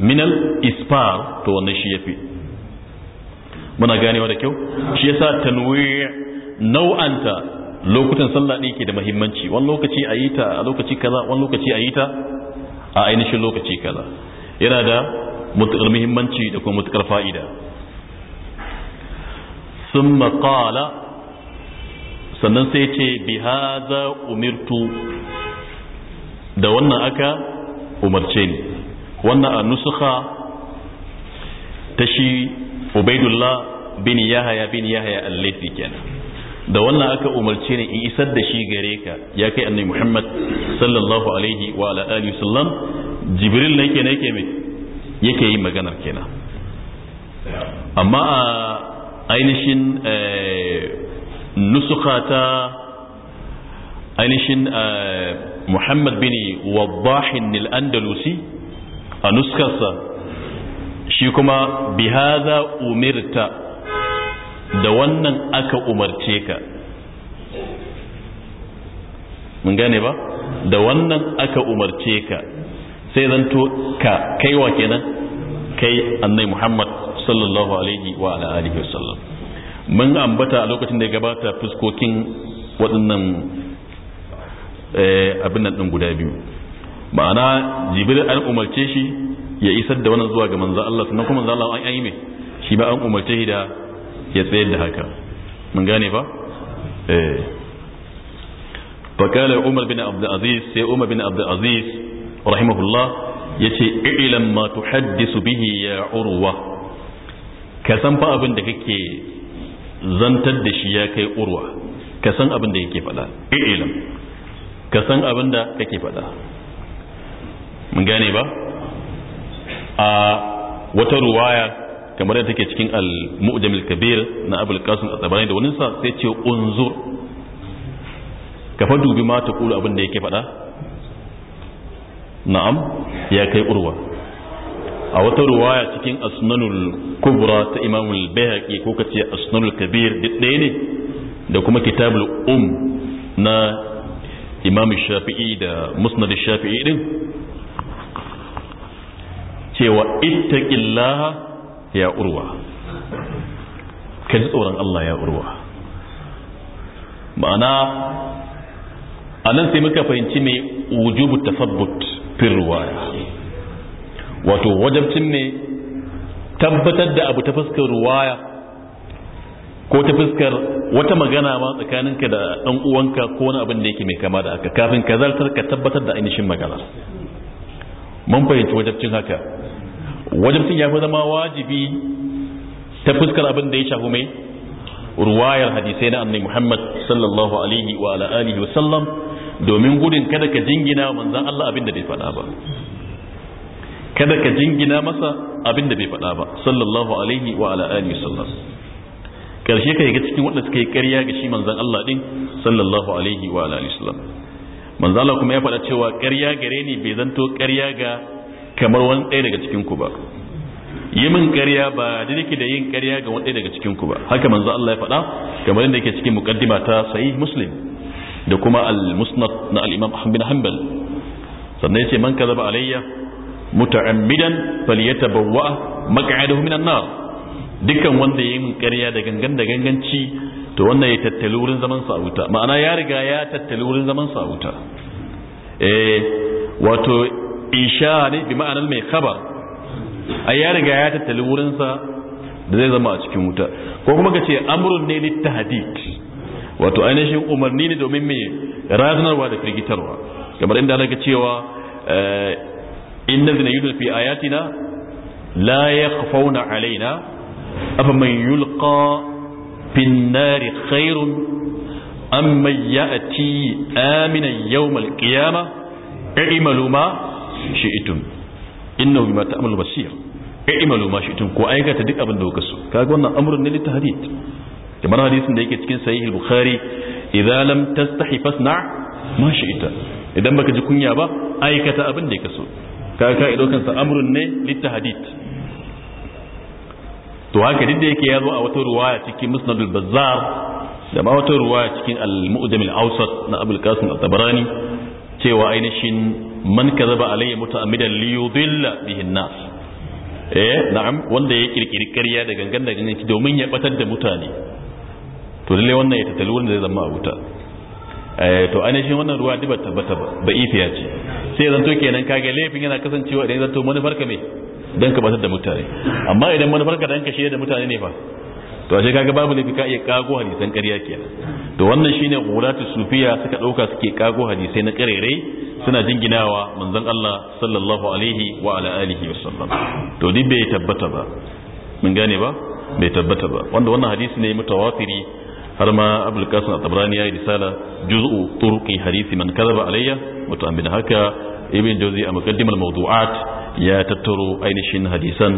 min al-isfar to wannan shi yafi muna ganewa da kyau shi yasa tanwi nau'anta lokutan sallah ne ke da muhimmanci wani lokaci a yi ta a lokaci kaza wani lokaci a yi ta a ainihin lokaci kaza yana da mutukar muhimmanci da kuma mutukar fa'ida sun maƙala sannan sai ce bi haza umirtu da wannan aka umarce ni wannan a nusuka ta shi ubaidullah bin yahaya bin yahaya allafi kenan da wannan aka umarce ni in isar da shi gare ka ya kai annabi Muhammad sallallahu alaihi wa ala alihi sallam Jibril ne yake ne yake me yake yi maganar kenan amma a ainihin eh, nusuka ta ainihin eh, Muhammad bin Waddahin al-Andalusi a nuskarsa shi kuma bihaza umirta da wannan aka umarce ka mun gane ba da wannan aka umarce ka sai zanto ka wa kenan kai annai muhammad sallallahu alaihi wa ala alihi wasallam mun ambata a lokacin da ya gabata fuskokin waɗannan eh, abin nan ɗin guda biyu ma'ana jibril an umarce shi ya isar da wannan zuwa ga manzo Allah sannan kuma manzo Allah an yi mai shi ba an umarce shi da ya tsayar da haka mun gane ba eh Umar bin بن عبد sai Umar bin بن عبد العزيز رحمه الله ma اعلم ما تحدث به يا عروة كسن فا ابن دكيكي zantar da shi ya kai urwa ka san abin da yake faɗa ilim ka san abin da kake faɗa mun gane ba a wata ruwaya kamar yadda take cikin al-mu'jam al-kabir na abul qasim at-tabari da wani sa sai ce unzur ka fa dubi ma ta kulu abin da yake faɗa na'am ya kai urwa a wata ruwaya cikin asnanul kubra ta imamul bayhaqi ko kace asnanul kabir duk ne da kuma kitabul um na imam shafi'i da musnad shafi'i din cewa ittaqillaha ya urwa kaji tsoron Allah ya urwa ma'ana a nan sai muka fahimci mai wujubu tasabbut fil ruwaya wato wajabcin ne tabbatar da abu ta fuskar ruwaya ko ta fuskar wata magana ma tsakaninka da ɗan uwanka ko wani abin da yake mai kama da haka kafin ka zartar ka tabbatar da ainihin magana mun fahimci wajabcin haka wajibcin ya fi zama wajibi ta fuskar abin da ya shafi mai ruwayar hadisai na annabi Muhammad sallallahu alaihi wa ala alihi wa sallam domin gudun kada ka jingina manzon Allah abin da bai faɗa ba kada ka jingina masa abin da bai faɗa ba sallallahu alaihi wa ala alihi wa sallam karshe ka ga cikin wanda suka yi ƙarya ga shi manzon Allah din sallallahu alaihi wa ala alihi wa sallam manzon Allah kuma ya faɗa cewa ƙarya gare ni bai zanto ƙarya ga kamar wani ɗaya daga cikin ku ba yi min ƙarya ba da nake da yin ƙarya ga wani ɗaya daga cikin ku ba haka manzo Allah ya faɗa kamar yadda yake cikin muqaddima ta sahih muslim da kuma al-musnad na al-imam Ahmad bin Hanbal sannan yace man kadaba alayya muta'ammidan falyatabawwa maq'adahu minan nar dukkan wanda yin ƙarya da gangan da ganganci to wannan ya tattali wurin zaman sa a wuta ma'ana ya riga ya tattali wurin zaman sa a wuta eh wato insha ne bi ma'anar mai kabar a ya riga ya tattali wurinsa da zai zama a cikin wuta ko kuma ka ce amrun ne li tahdid wato ainihin umarni ne domin mai razanarwa da firgitarwa kamar inda ga cewa eh, inna zina yudun fi ayatina la yakhfawna alaina afa man yulqa fi an-nari ya am man aminan yawm al-qiyamah i'malu ma shi'itun innahu bima ta'malu basir ai imalu ma shi'itun ko aikata duk abin da kuka so kaga wannan amrun ne litahdid kamar hadisin da yake cikin sahih al-bukhari idza lam tastahi fasna ma shi'ita idan baka ji kunya ba aikata abin da kuka so kaga ka idokan sa amrun ne litahdid to haka duk da yake ya zo a wata ruwaya cikin musnad al-bazzar da ma wata ruwaya cikin al-mu'jam al-awsat na abul qasim at-tabarani cewa ainihin man zaba alayya muta'ammidan li bihin bihi nas eh na'am wanda ya kirkiri ƙarya da gangan da ganin domin ya batar da mutane to lalle wannan ya tattali wanda zai zama a wuta eh, to ainihin wannan ruwa duba tabbata ba ifiya ce sai ya zanto kenan kaga laifin yana kasancewa idan zanto manufar ka me dan ka batar da mutane amma idan manufar ka dan ka shirya da mutane ne fa to ashe kaga babu ne ka iya kago hadisan ƙarya kenan to wannan shine qulatu sufiya suka dauka suke kago hadisai na ƙarerai suna jinginawa manzon Allah sallallahu alaihi wa ala alihi wasallam to duk bai tabbata ba mun gane ba bai tabbata ba wanda wannan hadisi ne mutawatiri har ma abul qasim at-tabrani yayi risala juz'u turqi hadisi man kadhaba alayya mutaammin haka ibn jawzi a muqaddimal mawdu'at ya tattaro ainihin hadisan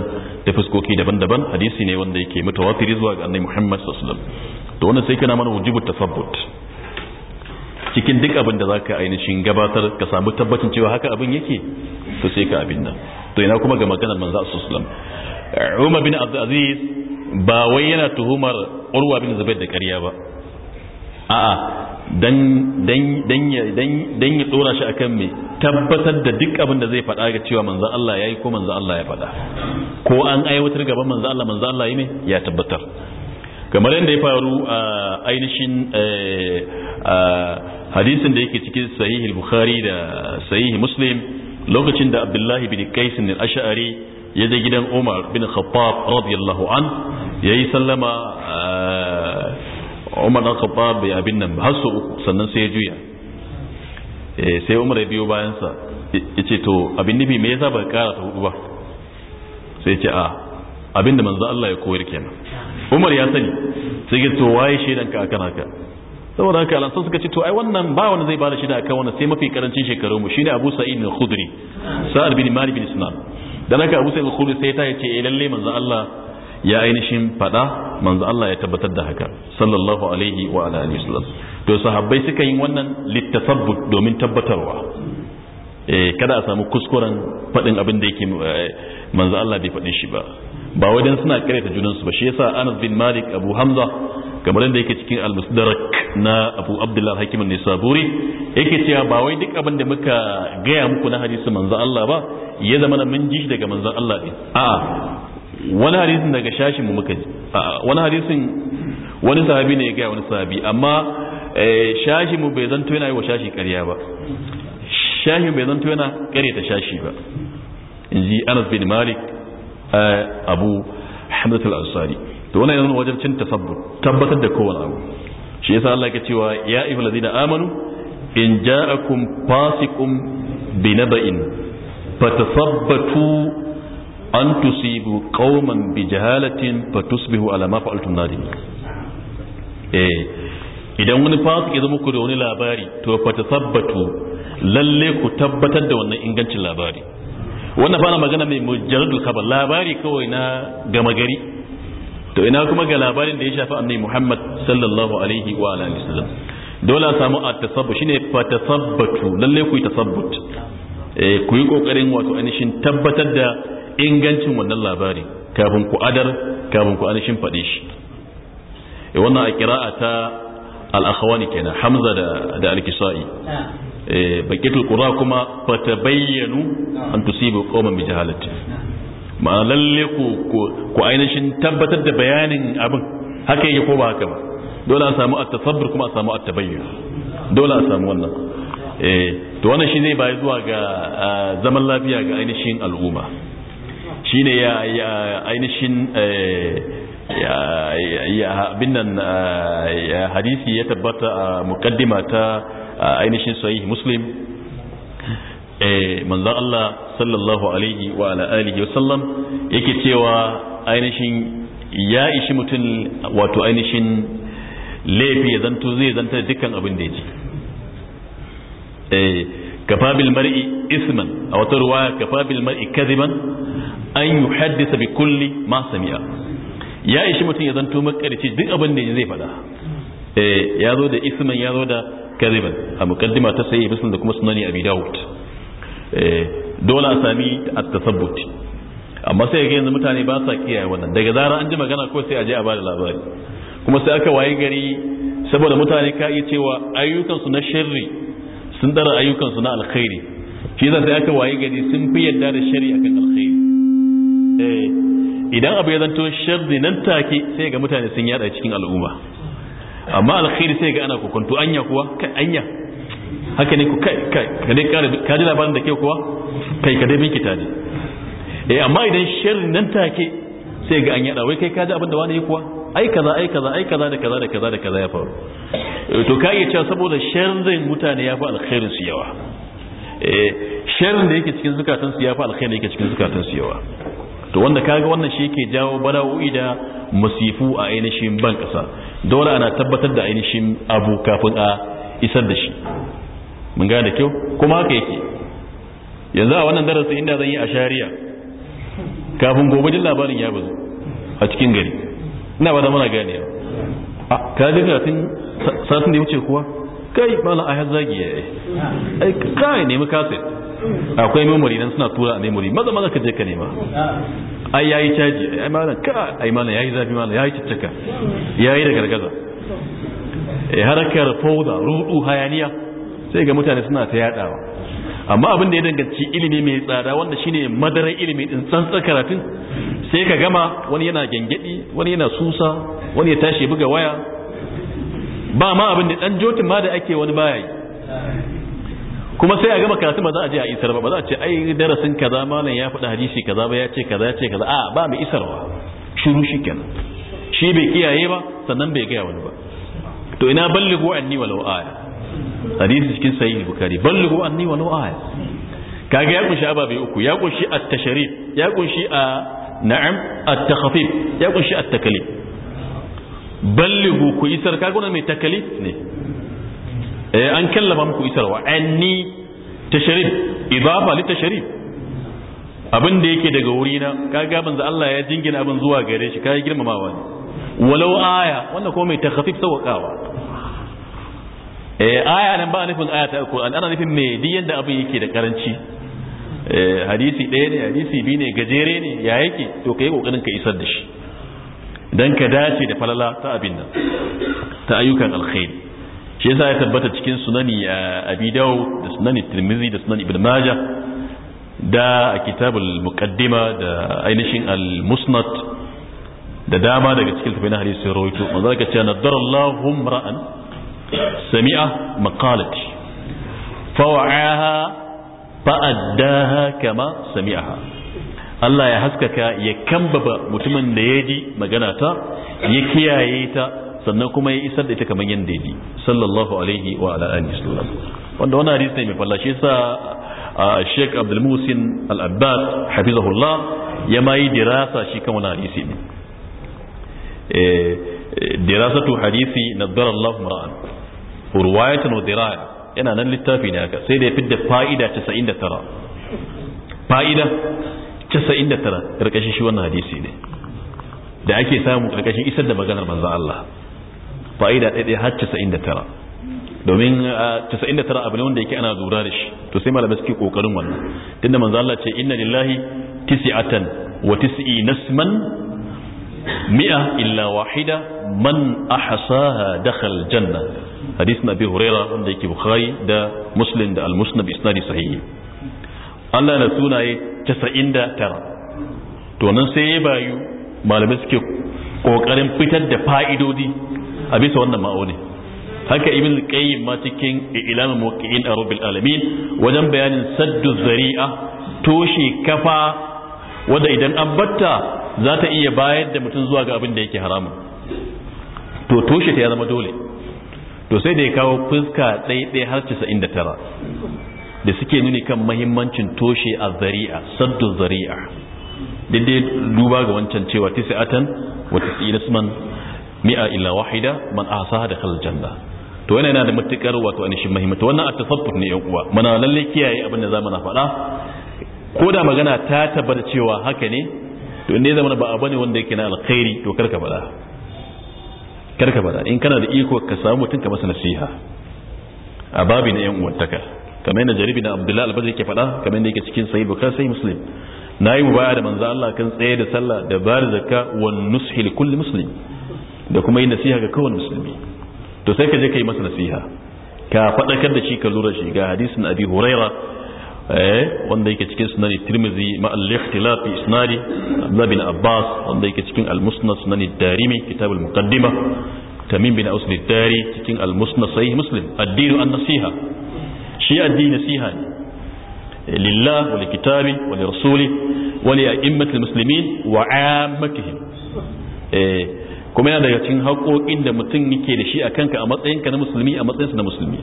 da fuskoki daban-daban hadisi ne wanda yake mutawatiri zuwa ga annabi Muhammad sallallahu alaihi wasallam to wannan sai kana mana wujubu tasabbut cikin duk abin da za ka ainihin gabatar ka samu tabbacin cewa haka abin yake to sai ka abin nan to ina kuma ga maganar manzo sallam Umar bin Abdul Aziz ba wai yana tuhumar Urwa bin Zubair da ƙarya ba a'a dan dan dan dan dan ya tsora shi akan me tabbatar da duk abin da zai faɗa ga cewa manzo Allah yayi ko manzo Allah ya faɗa ko an aiwatar gaban manzo Allah manzo Allah yi ne ya tabbatar kamar yadda ya faru a ainihin eh, hadisin da yake cikin sahih bukhari da sahih muslim lokacin da abdullahi bin qais bin ash'ari ya je gidan umar bin khattab radiyallahu an yayi sallama eh, umar bin khattab ya bin nan har sannan sai ya juya eh, sai umar ya biyo bayan sa yace to abin nabi me yasa ba kara ta hudu ba sai ce a ah, abin da manzo Allah ya koyar kenan umar ya sani sai ya to waye ka akan haka saboda haka alansan suka ce to ai wannan ba wani zai bada shida akan wannan sai mafi karancin shekaru mu shine Abu Sa'id al-Khudri Sa'ad bin Malik bin Sinan dan haka Abu Sa'id al-Khudri sai ta yace eh lalle manzo Allah ya ainihin fada manzo Allah ya tabbatar da haka sallallahu alaihi wa ala alihi wasallam to sahabbai suka yi wannan littasabbut domin tabbatarwa eh kada a samu kuskuren fadin abin da yake eh, manzo Allah bai fadin shi ba ba wajen suna kare ta junansu ba shi yasa Anas bin Malik Abu Hamza kamar yadda yake cikin al-musdarak na abu abdullah hakim ne saburi yake cewa ba wai duk abin da muka gaya muku na hadisi manzo Allah ba ya zama na mun ji daga manzo Allah din a wani hadisin daga shashin mu muka ji wani hadisin wani sahabi ne ya gaya wani sahabi amma eh, shashi mu bai zanto yana yi wa shashi ƙarya ba shashi bai zanto yana ƙaryata shashi ba in ji anas bin malik eh, abu hamdatul ansari to wannan yanzu wajen cin tasabbut tabbatar da kowane abu shi yasa Allah ke cewa ya ayyuhal ladina amanu in ja'akum fasiqun binaba'in fatasabbatu an tusibu qauman bijahalatin fatusbihu ala ma fa'altum nadim eh idan wani fasik ya zama ku da wani labari to fatasabbatu lalle ku tabbatar da wannan ingancin labari wannan fa magana mai mujarradul khabar labari kawai na gama gari to ina kuma ga labarin da ya shafi annabi Muhammad sallallahu alaihi wa alihi wasallam dole a samu at-tasabbu shine fa tasabbatu lalle ku yi tasabbut eh ku yi kokarin wato anishin tabbatar da ingancin wannan labari kafin ku adar kafin ku anishin faɗe shi eh wannan a kira'a ta al kenan Hamza da da al-Kisai eh baqitul qura kuma fa tabayyanu an tusibu qauman bi jahalatin ma lalle ku ku ainihin tabbatar da bayanin abin haka yake ko ba haka ba dole a samu at-tasabbur kuma a samu at-tabayyun dole a samu wannan eh to wannan shi zai bai zuwa ga zaman lafiya ga ainihin al'umma shine ya ainihin eh, ya bin nan hadisi ya tabbata a muqaddima ta ainihin sahih muslim Eh, manzon Allah sallallahu alaihi wa ala alihi wasallam yake cewa ainihin ya ishi mutum wato ainihin laifi ya zanto zai zanta da dukkan abin da ya ci eh, kafabil mar'i isman a wata ruwaya kafa mar'i kadiban an yuhaddisa bi kulli ma sami'a ya ishi mutum ya zanto makarci duk abin da zai faɗa eh, ya zo da isman ya zo da kadiban a mukaddima ta sayi bisan da kuma sunani abi dawud Eh, dole a sami a tasabbuti amma sai ga yanzu mutane ba sa kiyaye wannan daga zarar an ji magana ko sai a je a bada labari kuma sai aka waye gari saboda mutane ka iya cewa ayyukansu na sharri sun dara ayyukansu na alkhairi shi zan sai aka waye gari sun fi yadda da sharri akan alkhairi eh, idan abu ya zanto sharri nan take sai ga mutane sun yada cikin al'umma amma alkhairi sai ga ana kokonto anya kuwa kai anya haka ne ku kai kai ka dai kare ka ji labarin da ke kuwa kai ka dai miki ne eh amma idan sharrin nan take sai ga an yada wai kai ka ji abin da wani ya kuwa ai kaza ai kaza ai kaza da kaza da kaza da kaza ya faru eh, to ka yi cewa saboda sharrin mutane ya fi alkhairin su yawa eh sharrin da yake cikin zukatan su ya fi alkhairin da yake cikin zukatan su yawa to wanda kaga wannan shi ke jawo bala'o'i da masifu a ainihin ban kasa dole ana tabbatar da ainihin abu kafin a isar da shi mun ga da kyau kuma haka yake yanzu a wannan darasi inda zan yi a shari'a kafin gobe jin labarin ya bazu a cikin gari ina ba da mana gane a ka ji satin da ya wuce kuwa kai mana a zagi ya yi ai kai nemi kaset akwai memory nan suna tura a memory maza maza ka je ka nema ai yayi caji ai malam ka ai malam yayi zafi malam yayi ciccaka yayi da gargaza eh harakar fauda rudu hayaniya sai ga mutane suna ta yadawa amma abin da ya danganci ilimi mai tsada wanda shine madarar ilimi din tsantsa karatun sai ka gama wani yana gengedi wani yana susa wani ya tashi buga waya ba ma abin da dan jotin ma da ake wani baya kuma sai a gama karatu ba za a je a isar ba ba za a ce ai darasin kaza malam ya faɗi hadisi kaza ba ya ce kaza ya ce kaza a ba mai isarwa shiru shikenan shi bai kiyaye ba sannan bai gaya wani ba to ina ballighu anni walau aya hadisi cikin bukari balli ballighu anni wa nu'ay kaga ya kunshi ababe uku ya kunshi at-tashrif ya kunshi a na'am at-takhfif ya kunshi at-taklif ballighu ku isar kaga wannan mai taklif ne eh an kallaba muku wa anni tashrif idafa li tashrif abin da yake daga wurina kaga manzo Allah ya jingina abin zuwa gare shi kaga girmamawa ne walau aya wannan kuma mai takhfif sawakawa Eh, aya nan ba nufin aya ta uku an ana nufin me duk yanda abin yake da karanci eh, hadisi ɗaya ne hadisi biyu ne gajere ne ya yake to ka yi ƙoƙarin ka isar da shi don ka dace da falala ta abin nan ta ayyukan alkhairi shi yasa ya tabbata cikin sunani a eh, abi da sunani tirmizi da sunani ibn majah da a kitabul muqaddima da ainihin al-musnad da dama daga cikin tafai na hadisi rawaito manzo ka ce nadarallahu ra'an sami'a مقالتي فوعاها فأداها kama سمعها Allah ya haskaka ya kambaba mutumin da ya ji magana ta ya kiyaye ta sannan kuma ya isar da ita kamar yadda ya ji sallallahu alaihi wa ala alihi sallam wanda wannan hadisi ne mai fallashe sa Sheikh Abdul Musin Al-Abbas hafizahullah ya mai dirasa shi kan wannan hadisi ne dirasatu hadisi nadara Allah mar'an urwayatun udiran yana nan littafi ne haka sai da ya fidda fa'ida 99 fa'ida 99 karkashin shi wannan hadisi ne da ake samu karkashin isar da maganar manzo Allah fa'ida ɗaya har 99 domin 99 abu ne wanda yake ana zura da shi to sai malamai suke kokarin wannan tunda manzo Allah ce inna lillahi tis'atan wa tis'i nasman mi'a illa wahida man ahsaha dakhal janna hadisin abi huraira wanda yake bukhari da muslim da al-musnad isnadi sahihi Allah na sunaye 99 to nan sai ya bayu malamai suke kokarin fitar da fa'idodi a bisa wannan ma'auni haka ibn qayyim ma cikin ilamin muqiin a alamin wajen bayanin saddu zari'a toshe kafa wanda idan an batta za ta iya bayar da mutum zuwa ga abin da yake haramun to toshe ta ya zama dole to sai da ya kawo fuska ɗaiɗai har 99 da suke nuni kan mahimmancin toshe a zari'a saddu zari'a daidai duba ga wancan cewa tisa'atan wa tisa'ina man mi'a illa wahida man sa da kal janda, to wannan yana da matukar wato shi mahimmanci wannan a tasaffur ne yan uwa mana lalle kiyaye abin da za mu na faɗa ko da magana ta tabbata cewa haka ne to inda ya zama ba a bane wanda yake na alkhairi to karka faɗa kar ka in kana da iko ka samu mutum ka masa nasiha a babi na yan uwantaka kamar yadda jaribi na abdullahi albadri ke faɗa kamar yadda yake cikin sahih bukhari sahih muslim na yi baya da manzo Allah kan tsaye da sallah da da zakka wa nushi li kulli muslim da kuma yi nasiha ga kowane musulmi to sai ka je ka yi masa nasiha ka faɗakar da shi ka lura shi ga hadisin abi huraira Eh, wanda yake cikin sunan tirmizi ma al-ikhtilaf fi isnadi bin Abbas wanda yake cikin al-musnad sunan darimi kitab al-muqaddima tamim bin aus dari cikin al-musnad sahih muslim ad-din an-nasiha shi ad-din nasiha ne eh, lillah wa likitabi wa rasuli wa li a'immatil muslimin wa 'ammatihim eh, kuma yana daga cikin haƙoƙin da mutum yake da shi a kanka a matsayinka na musulmi a matsayinsa na musulmi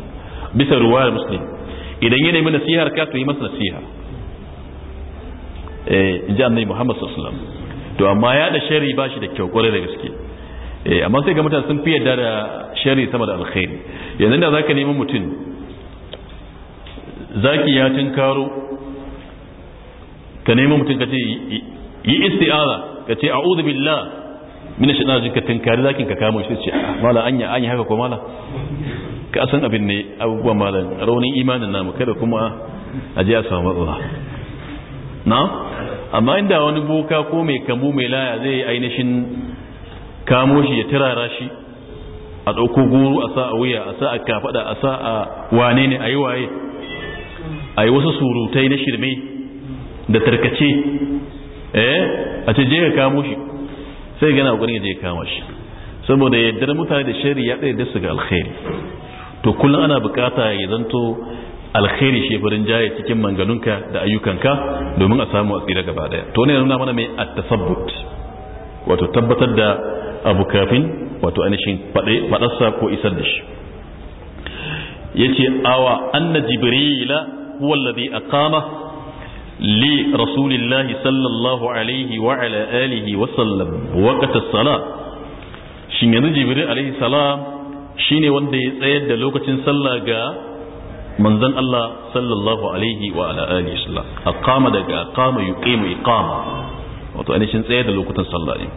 bisa ruwa musulmi. idan ya nemi nasihar ka to yi masa nasiha eh jan nabi Muhammad sallallahu alaihi wasallam to amma ya da sharri ba shi da kyau kwarai da gaske eh amma sai ga mutane sun fi yarda da sharri sama da alkhairi yanzu da zaka nemi mutum zaki ya karo ka nemi mutum ka ce yi isti'aza ka ce a'udhu billah min shaitanir rajim ka tinkari zakin ka kama shi ce ah, mala anya anya haka ko mala ka san abin ne abubuwan malam raunin imanin namu kada kuma a ji a samu matsala na amma inda wani boka ko mai kamu mai laya zai yi ainihin kamo shi ya tirara shi a ɗauko guru a sa a wuya a sa a kafaɗa a sa a wane ne a yi waye a yi wasu surutai na shirme da tarkace eh a ce je ka kamo shi sai gana ƙoƙarin ya je kama shi saboda yadda mutane da shari'a ɗaya da su ga alkhairi to kullum ana bukata ya zanto alkhairi shi farin jaye cikin manganunka da ayyukanka domin a samu a tsira gaba daya to ne nuna mana mai at-tasabbut wato tabbatar da abu kafin wato anishin fadarsa ko isar da shi yace awa anna jibrila huwa alladhi aqama li rasulillahi sallallahu alaihi wa ala alihi wa sallam waqta as-salat shin yanzu jibril alaihi salam shine wanda ya tsayar da lokacin sallah ga manzon Allah sallallahu alaihi wa ala alihi sallam aqama daga aqama yuqimu iqama wato ainihin tsayar da lokutan sallah ne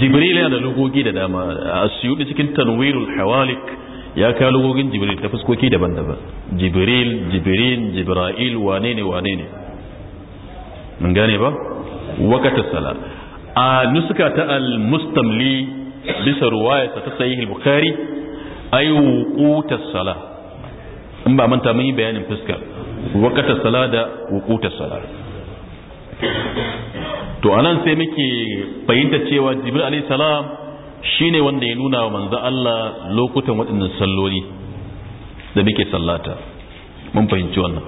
jibril yana da lugogi da dama asyudi cikin tanwirul hawalik ya kawo lugogin jibril ta fuskoki daban-daban jibril jibrin jibra'il wane ne wane ne mun gane ba wakata sala a nuska ta al-mustamli bisa ruwaya ta sahih al-bukhari ay sala in ba manta mun yi bayanin fuska wakata sala da wuqutas sala to anan sai muke fahimta cewa jibril alayhi salam shine wanda ya nuna wa manzo Allah lokutan waɗannan salloli da muke sallata mun fahimci wannan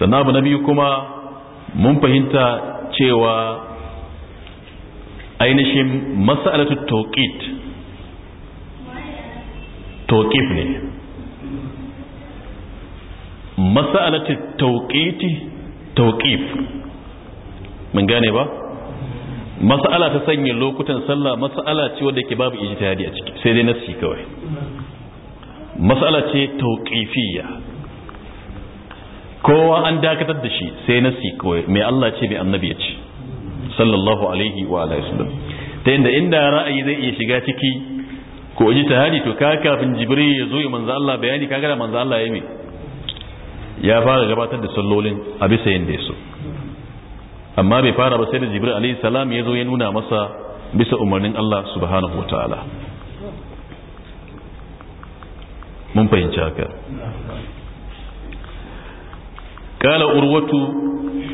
sannan abu na biyu kuma mun fahimta cewa ainihin mas'alatu tawqit toƙif ne masala ta sanya lokutan sallah masala ce wadda ke babu ijtihadi a ciki sai dai nasi kawai masala ce tauqifiyya kowa an dakatar da shi sai nasi kawai mai Allah ce mai annabi ya ce sallallahu alaihi wa alihi wasallam ta inda inda ra'ayi zai iya shiga ciki ko waje tahadi to ka kafin jibril ya zo ya manzo Allah bayani kaga da manzo Allah ya me ya fara gabatar da sallolin a bisa yanda ya so amma bai fara ba sai da jibril alayhi salam ya zo ya nuna masa bisa umarnin Allah subhanahu wataala mun fahimci haka قال أروة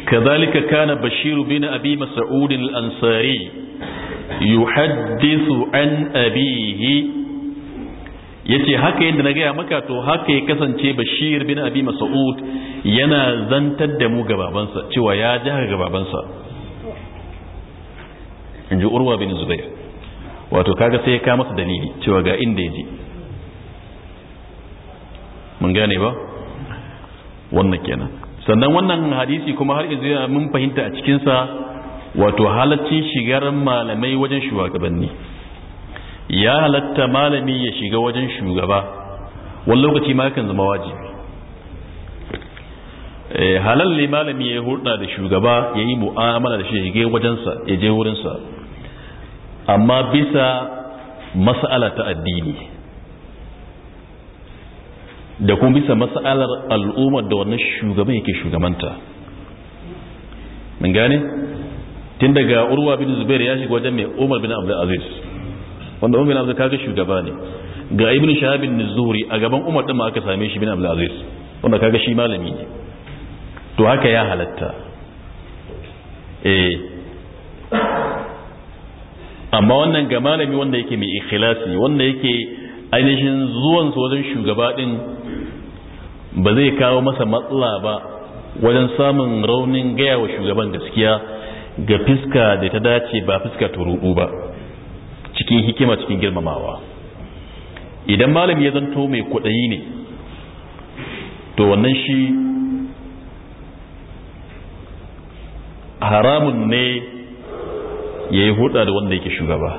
كذلك كان بشير بن أبي مسعود الأنصاري yuhaddisu an abihi yace haka yadda na gaya maka to haka ya kasance bashir bin abi mas'ud yana zantar da mu gababansa cewa ya ji haka gababansa in ji urwa bin zubair wato kaga sai ya ka masa dalili cewa ga inda ya ji mun gane ba wannan kenan sannan wannan hadisi kuma har yanzu mun fahimta a cikinsa wato halaccin shigar malamai wajen shugabanni ya halatta malami ya shiga wajen shugaba wani lokaci ma kan zama wajibi eh, halal malami ya hulɗa da shugaba ya yi mu'amala da shi ya je wajensa ya je wurinsa amma bisa mas'ala ta addini da kuma bisa mas'alar al'ummar da wannan shugaban yake shugabanta mun gane tun daga urwa bin zubair ya shiga wajen mai umar bin abdul aziz wanda umar bin abdul kaga shugaba ne ga ibn shahabin nuzuri a gaban umar din ma aka same shi bin abdul aziz wanda kaga shi malami ne to haka ya halatta eh amma wannan ga malami wanda yake mai ikhlasi wanda yake ainihin zuwan su wajen shugaba din ba zai kawo masa matsala ba wajen samun raunin gaya wa shugaban gaskiya ga fiska da ta dace ba fiska rubu ba cikin hikima cikin girmamawa idan malami ya zanto mai kudayi ne to wannan shi haramun ne ya yi hulɗa da wanda yake shugaba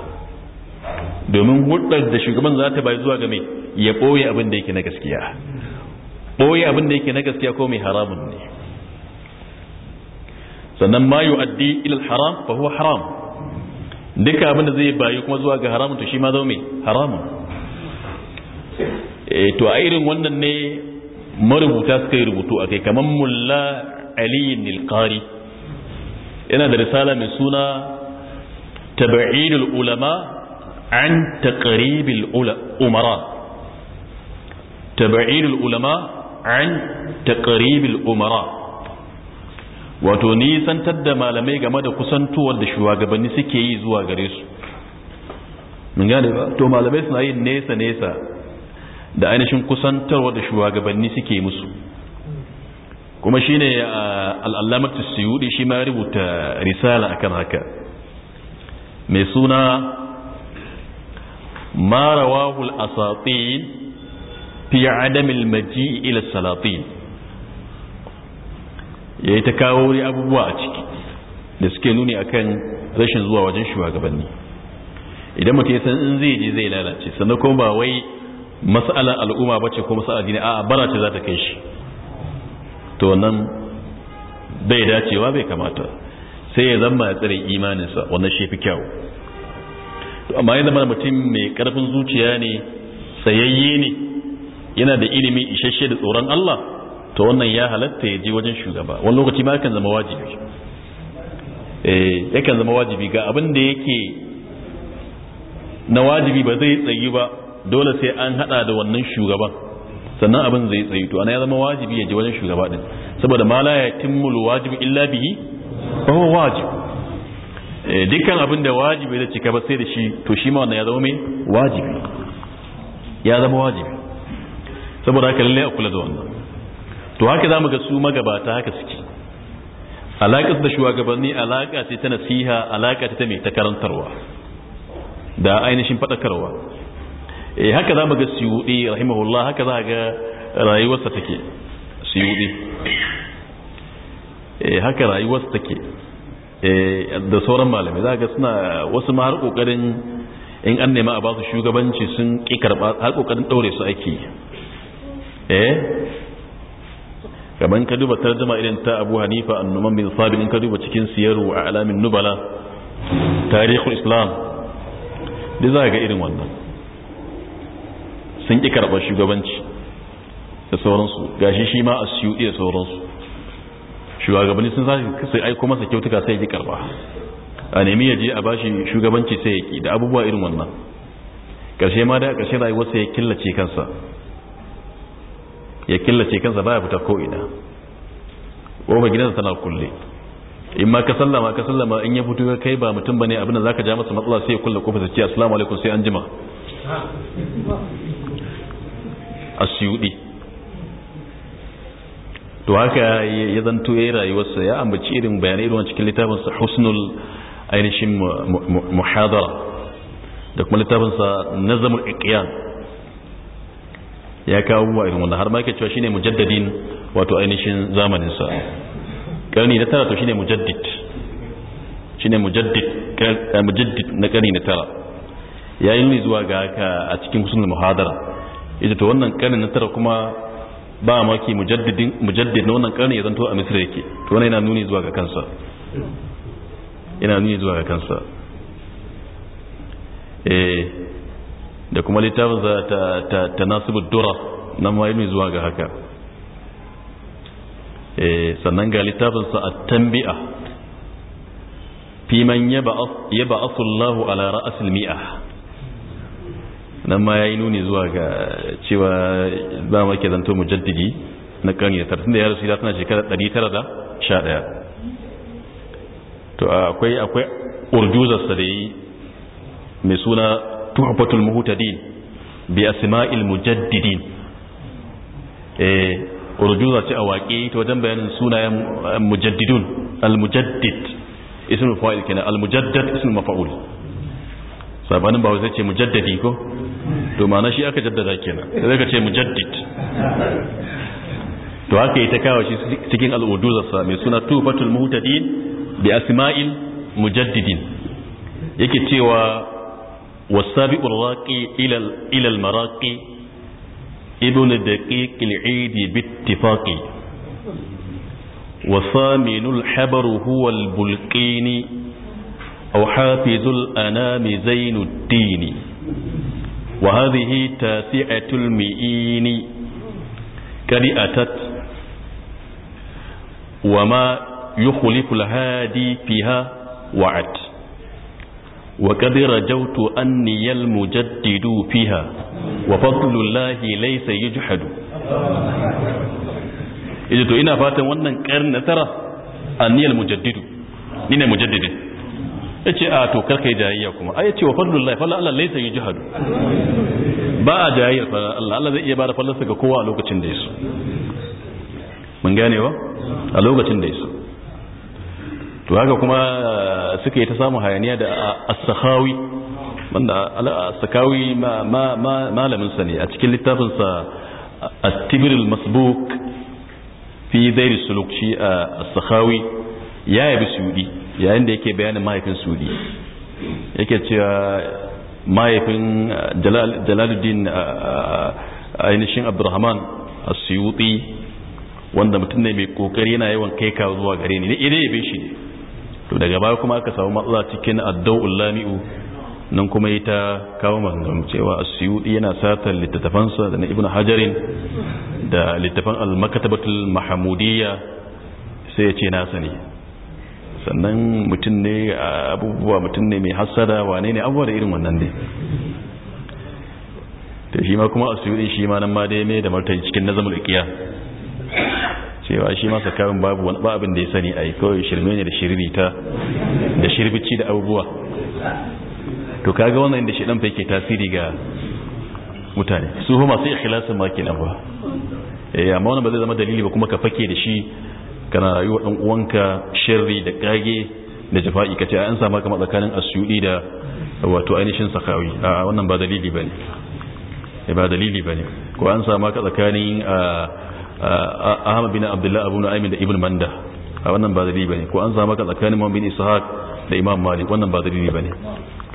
domin hulɗar da shugaban za ta bai zuwa ga mai ya ɓoye abin da yake na gaskiya ɓoye abin da yake na gaskiya ko mai haramun ne sannan ma yu'addi ila haram fa huwa haram duka abin da zai bayi kuma zuwa ga haramun to shi ma zama mai haramun eh, to a irin wannan ne marubuta suka yi rubutu a kai kamar mulla nilkari yana da risala mai suna tabi'inul ulama an taqribil umara tabi'inul ulama an taqribil umara wato nisantar da malamai game da kusantowar da shugabanni suke yi zuwa gare su mun gane ba to malamai suna yin nesa nesa da ainihin kusantarwa da shugabanni suke musu kuma shine al'allamatu suyudi shi ma rubuta risala akan haka mai suna ma rawahul asatin fi adamil maji ila salatin ya yi ta kawo wuri abubuwa a ciki da suke nuni kan rashin zuwa wajen shugabanni idan mutum ya san in zai je zai lalace sannan kuma ba wai matsalar al'umma ba ce ko mas'alar dini a bara ce za ta kai shi to nan bai dacewa bai kamata sai ya zama ya tsare imaninsa wannan shi fi kyau amma ya zama mutum mai karfin zuciya ne sayayye ne yana da ilimi isasshe da tsoron Allah to wannan ya halatta ya je wajen shugaba wani lokaci ma yakan zama wajibi eh yakan zama wajibi ga abin da yake na wajibi ba zai tsayi ba dole sai an hada da wannan shugaban sannan abin zai tsayi to ana ya zama wajibi ya je wajen shugaba din saboda mala ya timmul wajibi illa bihi fa huwa wajib eh, dukkan abin da wajibi da cika ba sai da shi to shi ma wannan ya zama mai wajibi ya zama wajibi saboda haka lalle a kula da wannan to haka za mu ga su magabata haka suke alaƙar da shugabanni alaƙa ce ta nasiha alaƙa ce ta mai ta karantarwa da ainihin faɗakarwa e haka za mu ga suyuɗi rahimahullah haka za ga rayuwarsa take suyuɗi e haka rayuwarsa take eh, da sauran malamai za ga suna wasu ma har ƙoƙarin in an nema a ba su shugabanci sun ƙi karɓa har ƙoƙarin ɗaure su ake eh kamar ka duba tarjuma irin ta abu hanifa annuman bin sabin in ka duba cikin siyaru a alamin nubala tarihul islam da za ga irin wannan sun ƙi karɓar shugabanci da sauransu gashi shi ma a siyu iya sauransu shugabanni sun sashi sai aiko masa kyautuka sai ya karɓa a nemi ya je a bashi shugabanci sai ya ƙi da abubuwa irin wannan ƙarshe ma da ƙarshe sai ya killace kansa ya killace kansa baya fita ko ina kofar gidansa tana kulle in ma ka sallama ka sallama in ya fito kai ba mutum bane abin da zaka ja masa matsala sai ya kulle kofar sai ce assalamu alaikum sai an jima asyudi to haka ya zanto ya rayuwarsa ya ambaci irin bayanai irin cikin sa husnul ainihin muhadara da kuma litafin sa nazamul iqyan ya kawo wa irin wannan har ma yake cewa shine mujaddadin wato ainihin zamanin sa karni na tara to shine mujaddid shine mujaddid kan eh, mujaddid na karni na tara ya yi zuwa ga haka a cikin husnul muhadara ita to wannan karni na tara kuma ba maki mujaddidin mujaddid na wannan karni ya zanto a misra yake to wannan yana nuni zuwa ga kansa yana nuni zuwa ga kansa eh da kuma littafin ta nasibu dura na mai zuwa ga haka sannan ga littafinsa a tambi'a fiman yaba asullahu ala ra'asul mi'a nan ma ya yi nuni zuwa ga cewa ba ma ke zanto mujaddidi na da ya rasu tana shekarar to akwai akwai da yi mai suna tuhfatul muhtadin bi asma'il mujaddidin eh, sabanin ba zai ce mujaddadi ko to ma'ana shi aka jaddada kenan sai ka ce mujaddid to yi ta kawo shi cikin al'uduzarsa mai suna tufatul muhtadin bi asma'il mujaddidin yake cewa والسابق الراقي إلى إلى المراقي ابن دقيق العيد باتفاقي وثامن الحبر هو البلقيني أو حافظ الأنام زين الدين وهذه تاسعة المئين قد أتت وما يخلف الهادي فيها وعد وقد رجوت أني المجدد فيها وفضل الله ليس يجحد yace to ina fatan wannan karni na tara anniyal mujaddidu ni ne mujaddidin yace a to karkai jayayya kuma ai yace wa fadlullahi fa Allah laysa yujhadu ba a jayayyar fa Allah Allah zai iya bada kowa da a to haka kuma suka yi ta samun hayaniya da as-sakhawi wanda as-sakhawi malamin sa ne a cikin littafin sa at-tibr al-masbuk fi dair suluk shi as-sakhawi ya yabi sudi yayin da yake bayanin mahaifin sudi yake cewa mahaifin jalaluddin ainihin abdurrahman as-suyuti wanda mutum ne mai kokari yana yawan kai kawo zuwa gare ni ne ya yabe shi ne to daga baya kuma aka samu matsala cikin addu'ul lami'u nan kuma yi ta kawo maganganu cewa asyudi yana satar littattafansa da na ibn hajarin da littafan al-makatabatul mahamudiyya sai ya ce na sani sannan mutum ne abubuwa mutum ne mai hassada wane ne abubuwa da irin wannan ne da shi ma kuma asyudi shi ma nan ma dai ne da martani cikin nazamul ikiya cewa shi masa karin babu wani babin da ya sani a yi kawai shirme ne da ta da shirbici da abubuwa to kaga wannan inda shi dan fa yake tasiri ga mutane su ho masu ikhlasin ma kenan ba eh amma wannan ba zai zama dalili ba kuma ka fake da shi kana rayuwa dan uwanka shirri da kage da jafa'i kace an sa maka tsakanin asyudi da wato ainihin sakawi a wannan ba dalili bane eh, ba dalili bane ko an sa ka tsakanin ah, ahmad bin Abdullahi abu nu'aymin da ibn manda a wannan ba dalili bane ko an zama ka tsakanin muhammad bin ishaq da imam malik wannan ba dalili bane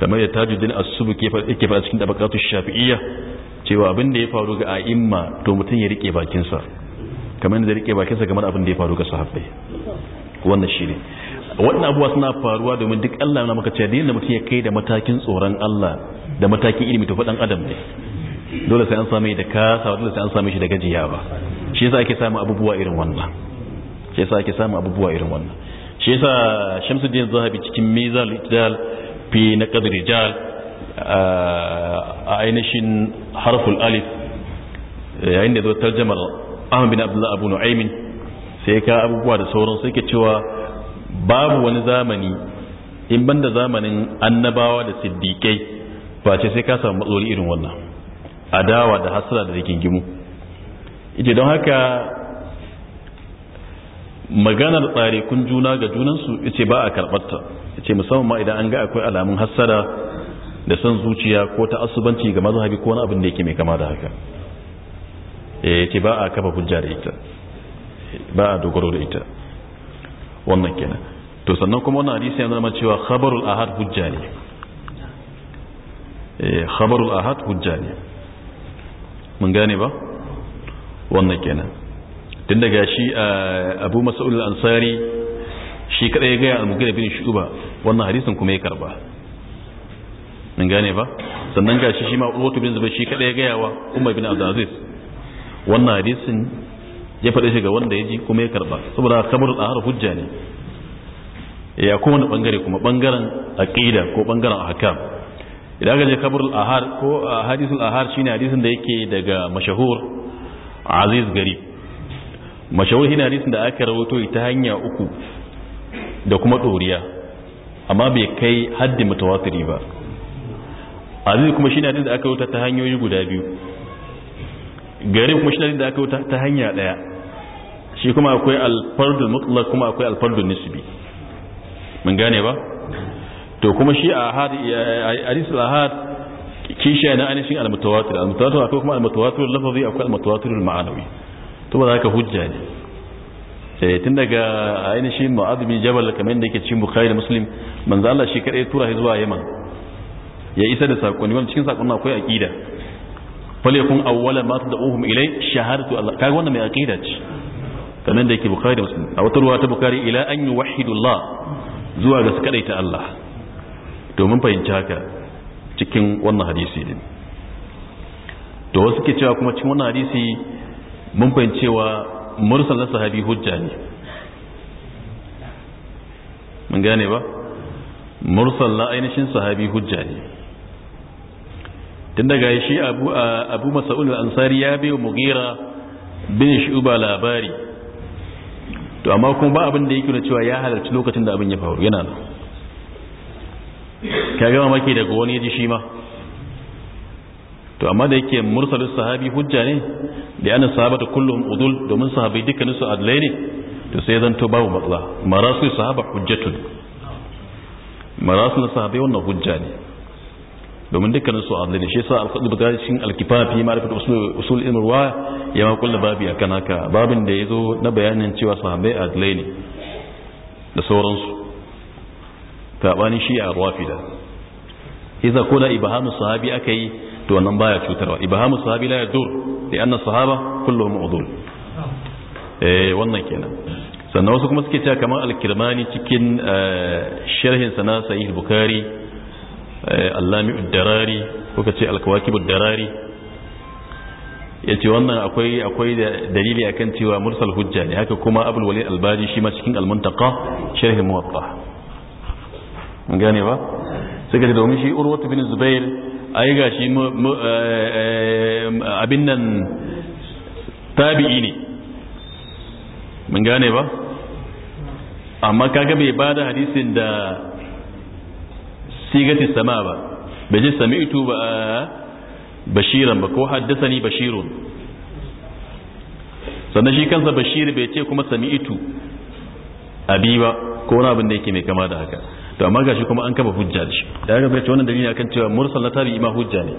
kamar da tajuddin as-subki ke fara cikin tabaqatu shafi'iyya cewa abin da ya faru ga a'imma to mutum ya rike bakin sa kamar da rike bakin sa kamar abin da ya faru ga sahabbai wannan shine wannan abuwa suna faruwa domin duk Allah na maka cewa da mutum ya kai da matakin tsoron Allah da matakin ilimi to fadan adam ne dole sai an same da kasa dole sai an same shi da gajiyawa shi yasa ake samu abubuwa irin wannan shi yasa ake samu abubuwa irin wannan shi yasa Shamsuddin Zahabi cikin Mizal Ijdal fi na rijal a ainihin harful alif yayin da zo tarjamar Ahmad bin Abdullah Abu Nu'aymin sai ka abubuwa da sauran sai ke cewa babu wani zamani in banda zamanin annabawa da siddiƙai ba ce sai ka samu matsaloli irin wannan adawa da hasara da rigingimu ita don haka maganar tsarikun juna ga junansu ita ba a karɓarta ita musamman ma idan an ga akwai alamun hasara da son zuciya ko ta asubanci ga mazhabi ko wani abin da yake mai kama da haka Ita eh, ba a kafa hujja da ita ba a dogaro da ita wannan kenan to sannan kuma wannan hadisi yana nuna cewa khabarul ahad hujja ne eh, khabarul ahad hujja ne mun gane ba wannan kenan tun daga shi eh, abu mas'ul al-ansari shi kadai ya gaya al-mughira bin shu'ba wannan hadisin kuma ya karba mun gane ba sannan gashi shi ma uwatu bin zubair shi kadai ya gaya wa umar bin abdulaziz wannan hadisin ya fada shi ga wanda ya ji kuma ya karba saboda kamar al hujja ne ya kuma bangare kuma bangaren aqida ko bangaren ahkam idan aka je kaburul ahar ko hadisul ahar shine hadisin da yake daga mashahur aziz gari mashahur shine hadisin da aka rawato ta hanya uku da kuma doriya amma bai kai haddi mutawatiri ba aziz kuma shine hadisin da aka rawato ta hanyoyi guda biyu gari kuma shine hadisin da aka rawato ta hanya daya shi kuma akwai al-fardul mutlaq kuma akwai alfardul nisbi mun gane ba to kuma shi a ahad hadisul ahad kisha na ainihin almutawatir almutawatir akwai kuma almutawatir lafazi akwai almutawatir ma'anawi to ba za ka hujja ne eh, tun daga ainihin mu'adh bin jabal kamar da yake cikin bukhari da muslim manzo Allah shi kadai tura shi zuwa yaman ya isa da sakonni wannan cikin sakonni akwai aqida falyakun awwala ma tad'uhum ilay shahadatu Allah kaga wannan mai aqida ce kamar da yake bukhari da muslim a wata ruwa ta bukhari ila an yuwahhidu zuwa ga su kadaita Allah domin fahimci haka cikin wannan hadisi din to wasu ke cewa kuma cikin wannan hadisi mun fahimcewa mursal na sahabi hujja ne mun gane ba mursal na ainihin sahabi hujja ne tun daga shi abu abu mas'ud al-ansari ya bai mugira bin shuba labari to amma kuma ba abin da yake cewa ya halarci lokacin da abin ya faru yana nan ka gama maki daga wani ya ji shi ma to amma da yake mursalin sahabi hujja ne da yana sahabata kullum udul domin sahabai dukkanin su adlai ne to sai zan to babu matsala marasu sahaba hujjatun marasu sahabai wannan hujja ne domin dukkanin su adlai ne shi yasa alqadu bukacin alkifafi ma'rifat usul usul ilmi ruwa ya ma kullu babi akan haka babin da yazo na bayanin cewa sahabai adlai ne da sauransu shi shi'a rafida iza ko da ibahamu sahabi aka yi to wannan baya cutarwa ibahamu sahabi la yadur li anna sahaba kulluhum udul eh wannan kenan sannan wasu kuma suke cewa kamar al-kirmani cikin eh, sharhin sana sahih bukhari eh, allami uddarari kuka ce al-kawakib uddarari yace wannan akwai akwai dalili akan cewa mursal hujja ne haka kuma abul walid al-baji shi ma cikin al-muntaqa sharh muwatta mun gane ba suka ce domin shi urwatu bin zubair ai ga gashi eh, eh, abin nan tabi'i ne mun gane ba amma kaga bai ba da hadisin da sigati sama ba bai ji sami'tu ba bashiran ba ko haddasani bashirun sannan shi kansa bashir bai ce kuma sami'tu abi ba ko wani abin da yake mai kama da haka to amma gashi kuma an kafa hujja da shi da ya ce wannan dalili akan cewa mursal na tabi'i ma hujja ne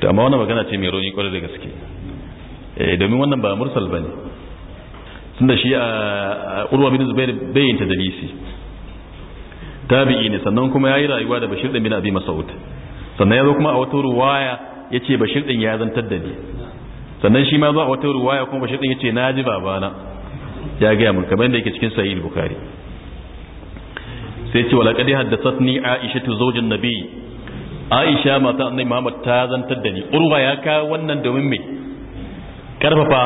to amma wannan magana ce mai rauni kwarai da gaske eh domin wannan ba mursal bane tunda shi a urwa bin zubair bayyanta dalisi tabi'i ne sannan kuma yayi rayuwa da bashir bin abi mas'ud sannan yazo kuma a wata ruwaya yace bashir din ya zantar da ni sannan shi ma zo a wata ruwaya kuma bashir din yace naji babana ya ga mun kamar da yake cikin sahih bukhari sai ce wala kadi haddasatni aisha tu zaujin nabi aisha mata annabi muhammad ta zantar da ni urwa ya kawo wannan domin me karfafa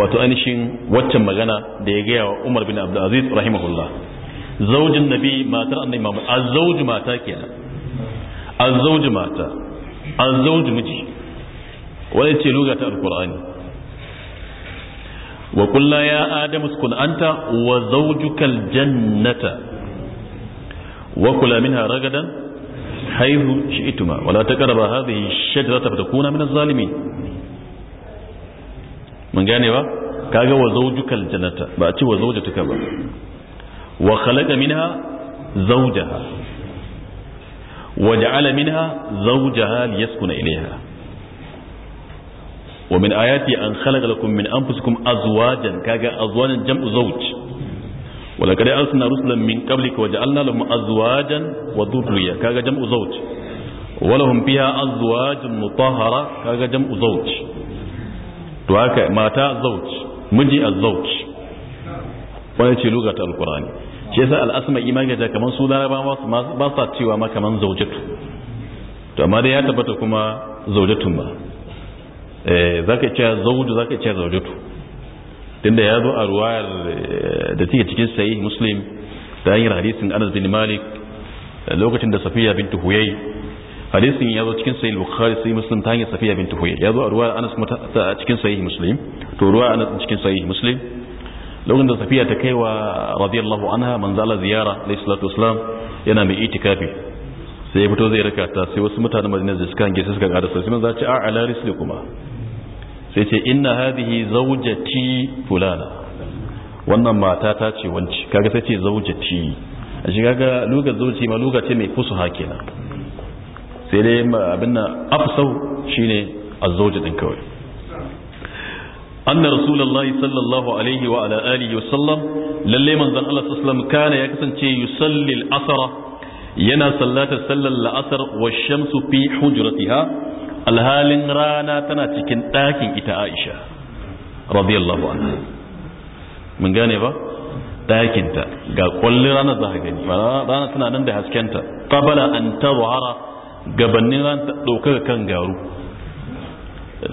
wato anishin waccan magana da ya gaya wa umar bin abdul aziz rahimahullah zaujin nabi matar annabi muhammad azzauju mata kenan azzauju mata azzauju miji wani ce luga ta alqur'ani وقل ya يا آدم اسكن أنت وزوجك الجنة وكلا منها رغدا حيث شئتما ولا تقرب هذه الشجرة فتكون من الظالمين من جانبا كاغا وزوجك الجنة بأتي وزوجتك با وخلق منها زوجها وجعل منها زوجها ليسكن إليها ومن آياتي أن خلق لكم من أنفسكم أزواجا كاغا أزواجا جمع زوج ولقد أرسلنا رسلا من قبلك وجعلنا لهم أزواجا وذرية كاغا جمع زوج ولهم فيها أزواج مطهرة كاغا جمع زوج وهكا ماتا زوج مجيء الزوج wani ce lugar alkurani shi yasa al'asma imani da kaman su larabawa ba sa cewa ma kaman zaujatu to amma dai ya tabbata kuma zaujatun ba za ka ce zauju za ka ce zaujatu tunda ya zo a ruwayar eh, da take cikin sayi muslim da hanyar hadisin anas bin malik eh, lokacin da safiya bin tuhuyai hadisin ya zo cikin sayi bukhari sai muslim ta hanyar safiya bin tuhuyai ya zo a ruwayar anas a cikin sayi muslim to ruwayar anas cikin sayi muslim lokacin da safiya ta kai wa radiyallahu anha manzala ziyara alayhi salatu wasalam yana mai itikafi sai ya fito zai rakata sai wasu mutanen madina da suka hange suka suka da sai manzo ya ce a ala risli kuma sai ce inna hadhihi zaujati fulana wannan mata ta ce wanci kaga sai ce zaujati a shi kaga lugar zauci ma lugar ce mai fusu hakina sai dai abin nan afsau shine azzauji din kawai أن رسول الله صلى الله عليه وعلى آله وسلم للي من ذن الله سلم كان يكسن يصلي الأثر ينا صلاة wa الأثر والشمس في حجرتها alhalin rana tana cikin ɗakin ita aisha radiyallahu anha mun gane ba ɗakinta ga kwallon rana za ka gani rana tana nan da haskenta qabala an tazhara gabanin rana ta ɗaukar kan garu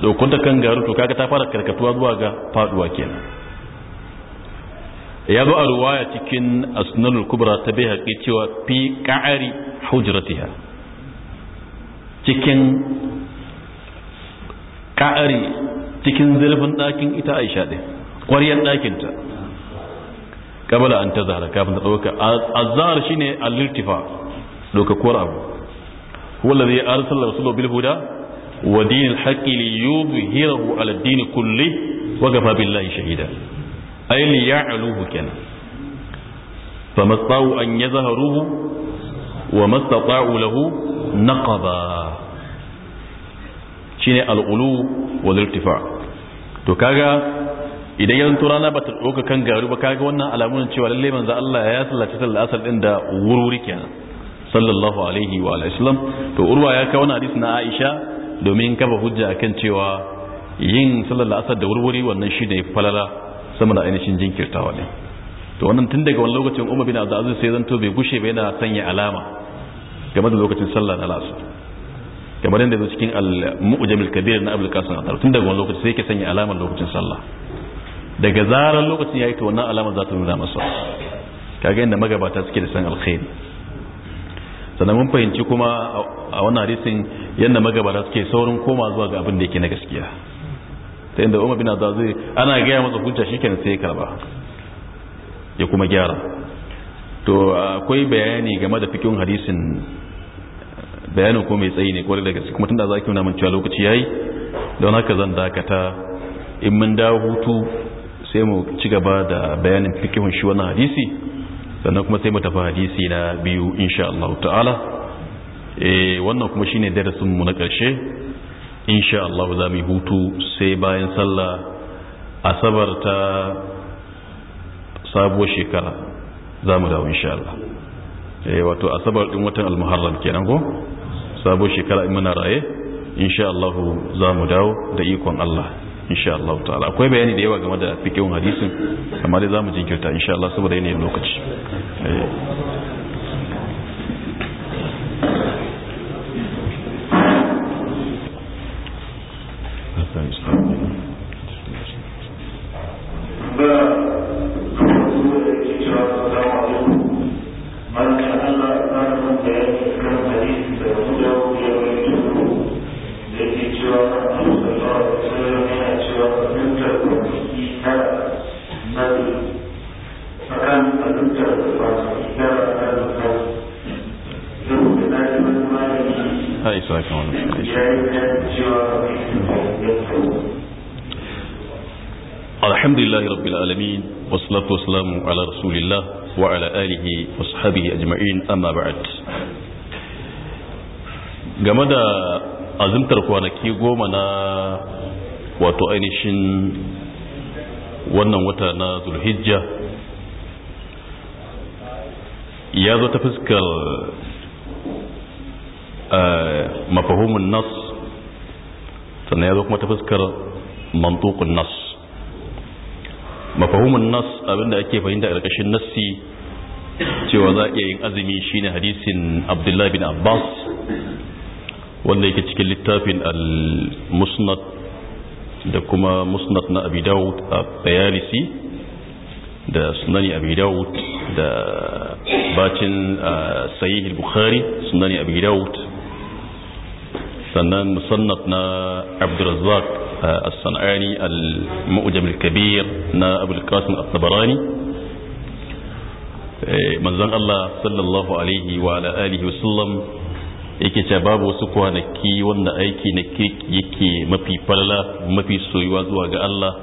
ɗaukar kan garu to kaga ta fara karkatuwa zuwa ga faduwa kenan ya zo a ruwaya cikin asnanul kubra ta bai haƙi cewa fi ƙa'ari hujratiha cikin ƙa'ari cikin zurfin ɗakin ita aisha ɗin ƙwaryen ɗakinta kabala an ta zahara kafin ta ɗauka azhar shine al-irtifa ɗaukakuwar abu wanda zai arsala rasulullah bil huda wa din al li yuzhirahu ala din kulli wa kafa billahi shahida ay li ya'luhu kenan famastau an yazharuhu wa mastata'u lahu naqaba shine al'ulu wa zirtifa to kaga idan yanzu to rana bata ɗauka kan garu ba kaga wannan alamun cewa lalle manzo Allah ya sallaci sallar asar din da wurwuri kenan sallallahu alaihi wa sallam to urwa ya kawo wannan hadisi na Aisha domin kafa hujja akan cewa yin sallar asar da wurwuri wannan shi ne falala sama da ainihin jinkirtawa ne to wannan tun daga wani lokacin Umar bin Abdul Aziz sai zanto bai gushe bai yana sanya alama game da lokacin sallar al'asar kamar yadda zo cikin al-mu'jamil kabir na abul qasim al tun daga wani lokaci sai yake sanya alamar lokacin sallah daga zarar lokacin yayi to wannan alamar za ta nuna masa kaga inda magabata suke da san alkhairi sannan mun fahimci kuma a wannan hadisin yadda magabata suke saurin koma zuwa ga abin da yake na gaskiya ta inda umar bin azza zai ana gaya masa hujja shikenan sai ya karba ya kuma gyara to akwai bayani game da fikin hadisin bayanin ko mai tsayi ne kwarai da gaske kuma tunda za ki nuna cewa lokaci yayi don haka zan dakata in mun dawo hutu sai mu ci gaba da bayanin fikihun shi wannan hadisi sannan kuma sai mu tafi hadisi na biyu insha Allah ta'ala eh wannan kuma shine darasin mu na karshe insha Allah za mu hutu sai bayan sallah asabar ta sabuwar shekara za mu dawo insha Allah eh, wato asabar din watan al-muharram kenan ko sabon shekara in muna raye insha Allah za mu dawo da ikon Allah insha Allah ta'ala akwai bayani da yawa game da fikihun hadisin amma dai za mu jinkirta insha Allah saboda yanayin lokaci Uh eh. -huh. والصلاة ala rasulillah wa الله وعلى آله وصحبه أجمعين أما بعد game da azimtar kwanaki goma na wato ainihin wannan wata na zulhijja ya zo ta fuskar eh, mafahimin nas sannan ya zo kuma ta fuskar mantukun nas mafahimin nas abinda ake fahimta a ƙarƙashin nassi cewa za a iya yin azumi shine hadisin abdullahi bin abbas wanda yake cikin littafin al-musnad da kuma musnad na abi dawud a bayalisi da sunani abi dawud da bacin sahih bukhari sunani abi dawud sannan musannad na abdurrazzaq الصنعاني المؤجم الكبير نا أبو القاسم الطبراني manzon Allah sallallahu alaihi wa ala alihi wasallam yake ce babu wasu kwanaki wanda aiki na yake mafi falala mafi soyuwa zuwa ga Allah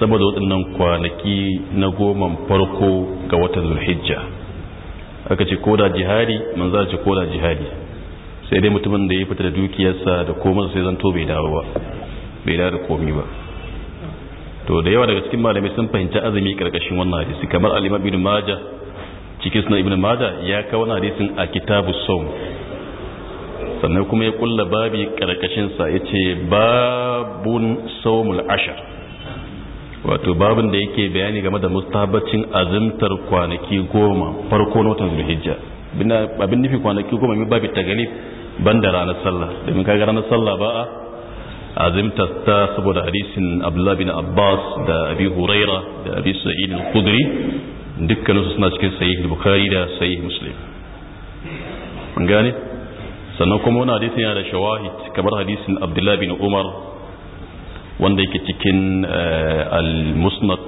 saboda waɗannan kwanaki na goman farko ga watan zulhijja aka ce ko da jihadi manzo ce ko da jihadi sai dai mutumin da ya fita da dukiyarsa da komai sai zanto bai dawo ba bai da komi ba to da yawa daga cikin malamai sun fahimci azumi karkashin wannan hadisi kamar al-imam ibn majah cikin sunan ibn majah ya kawo wannan hadisin a kitabu sawm sannan kuma ya kulla babi karkashin sa yace babun sawmul ashar wato babin da yake bayani game da mustahabbacin azumtar kwanaki goma farko na watan zulhijja abin nufi kwanaki goma mai babi tagalib ban da ranar sallah domin kaga ranar sallah ba azimtarta saboda hadisin Abdullahi bin abbas da abi huraira da abi sa'id al-khudri dukkaninsu suna cikin sahih bukhari da sahih muslim an gane sannan kuma wani hadisin yana da shawahid kamar hadisin Abdullahi bin umar wanda yake cikin al-musnad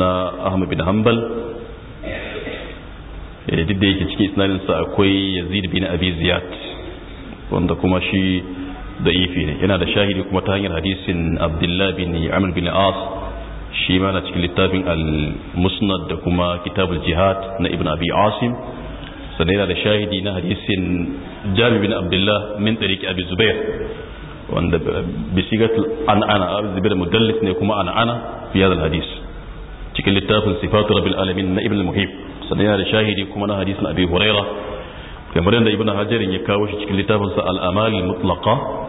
na ahmad bin hanbal duk da yake cikin isnadinsa akwai yazid bin abi ziyad wanda kuma shi da'ifi ne yana da shahidi kuma ta hanyar hadisin abdullah bin amr bin as shi ma na cikin littafin al-musnad da kuma kitabul jihad na ibn abi asim sannan yana da shahidi na hadisin jami bin abdullah min tariki abi zubair wanda bisigat an'ana abi zubair mudallis ne kuma an'ana fi hadal hadis cikin littafin sifatu rabbil alamin na ibn al-muhib sannan yana da shahidi kuma na hadisin abi huraira kamar yadda ibn hajarin ya kawo shi cikin littafin sa al-amal mutlaqa